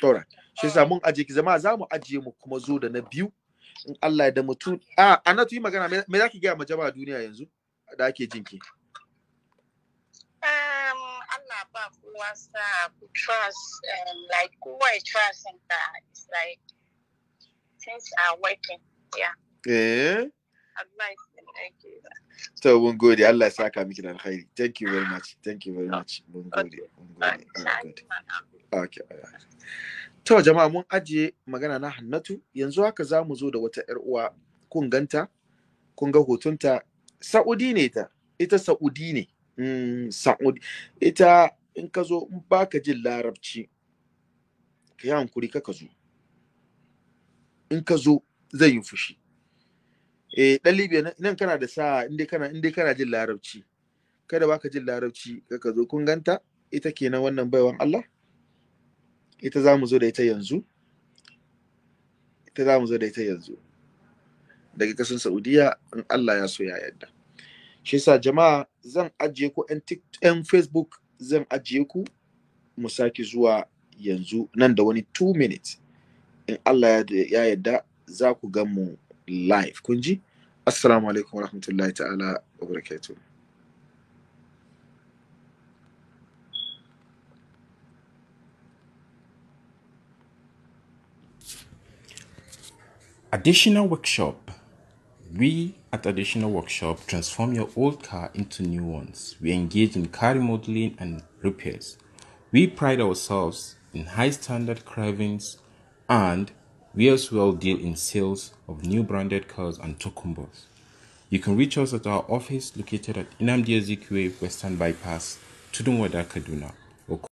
tora shi yasa mun aje ki zama za mu aje mu kuma zo da na biyu in Allah ya da mutu a anatu yi magana me zaki ga ma jama'a duniya yanzu da ake jinki um, Allah ba kowa sa ku trust um, like kowa ya trust in that it's like things are working yeah eh advice thank to mun gode Allah ya saka miki da alkhairi thank you very much thank you very much mun gode mun gode okay. to jama'a mun ajiye magana na hannatu yanzu haka za mu zo da wata 'yar uwa kun ganta kun ga hotunta sa'udi ne ta ita sa'udi ne mm, sa'udi ita in ka zo in baka jin larabci ka yi hankuri ka ka zo in ka zo zai yi fushi eh dan libya nan kana da sa inda kana inda kana jin larabci kada baka jin larabci ka ka zo kun ganta ita kenan wannan baiwan Allah ita za mu zo da ita yanzu ita za mu zo da ita yanzu daga kasan saudiya in allah ya so ya yadda shi sa jama'a zan ajiye ku yan facebook zan ajiye ku mu sake zuwa yanzu nan da wani 2 minutes in allah ya yadda za ku gan mu live kun ji assalamu alaikum warahmatullahi ta'ala wa barakatuh Additional workshop. We at Additional Workshop transform your old car into new ones. We engage in car remodeling and repairs. We pride ourselves in high standard carvings and we as well deal in sales of new branded cars and tokumbos. You can reach us at our office located at Inamdi Ezekwe Western Bypass, Tudumwada, Kaduna.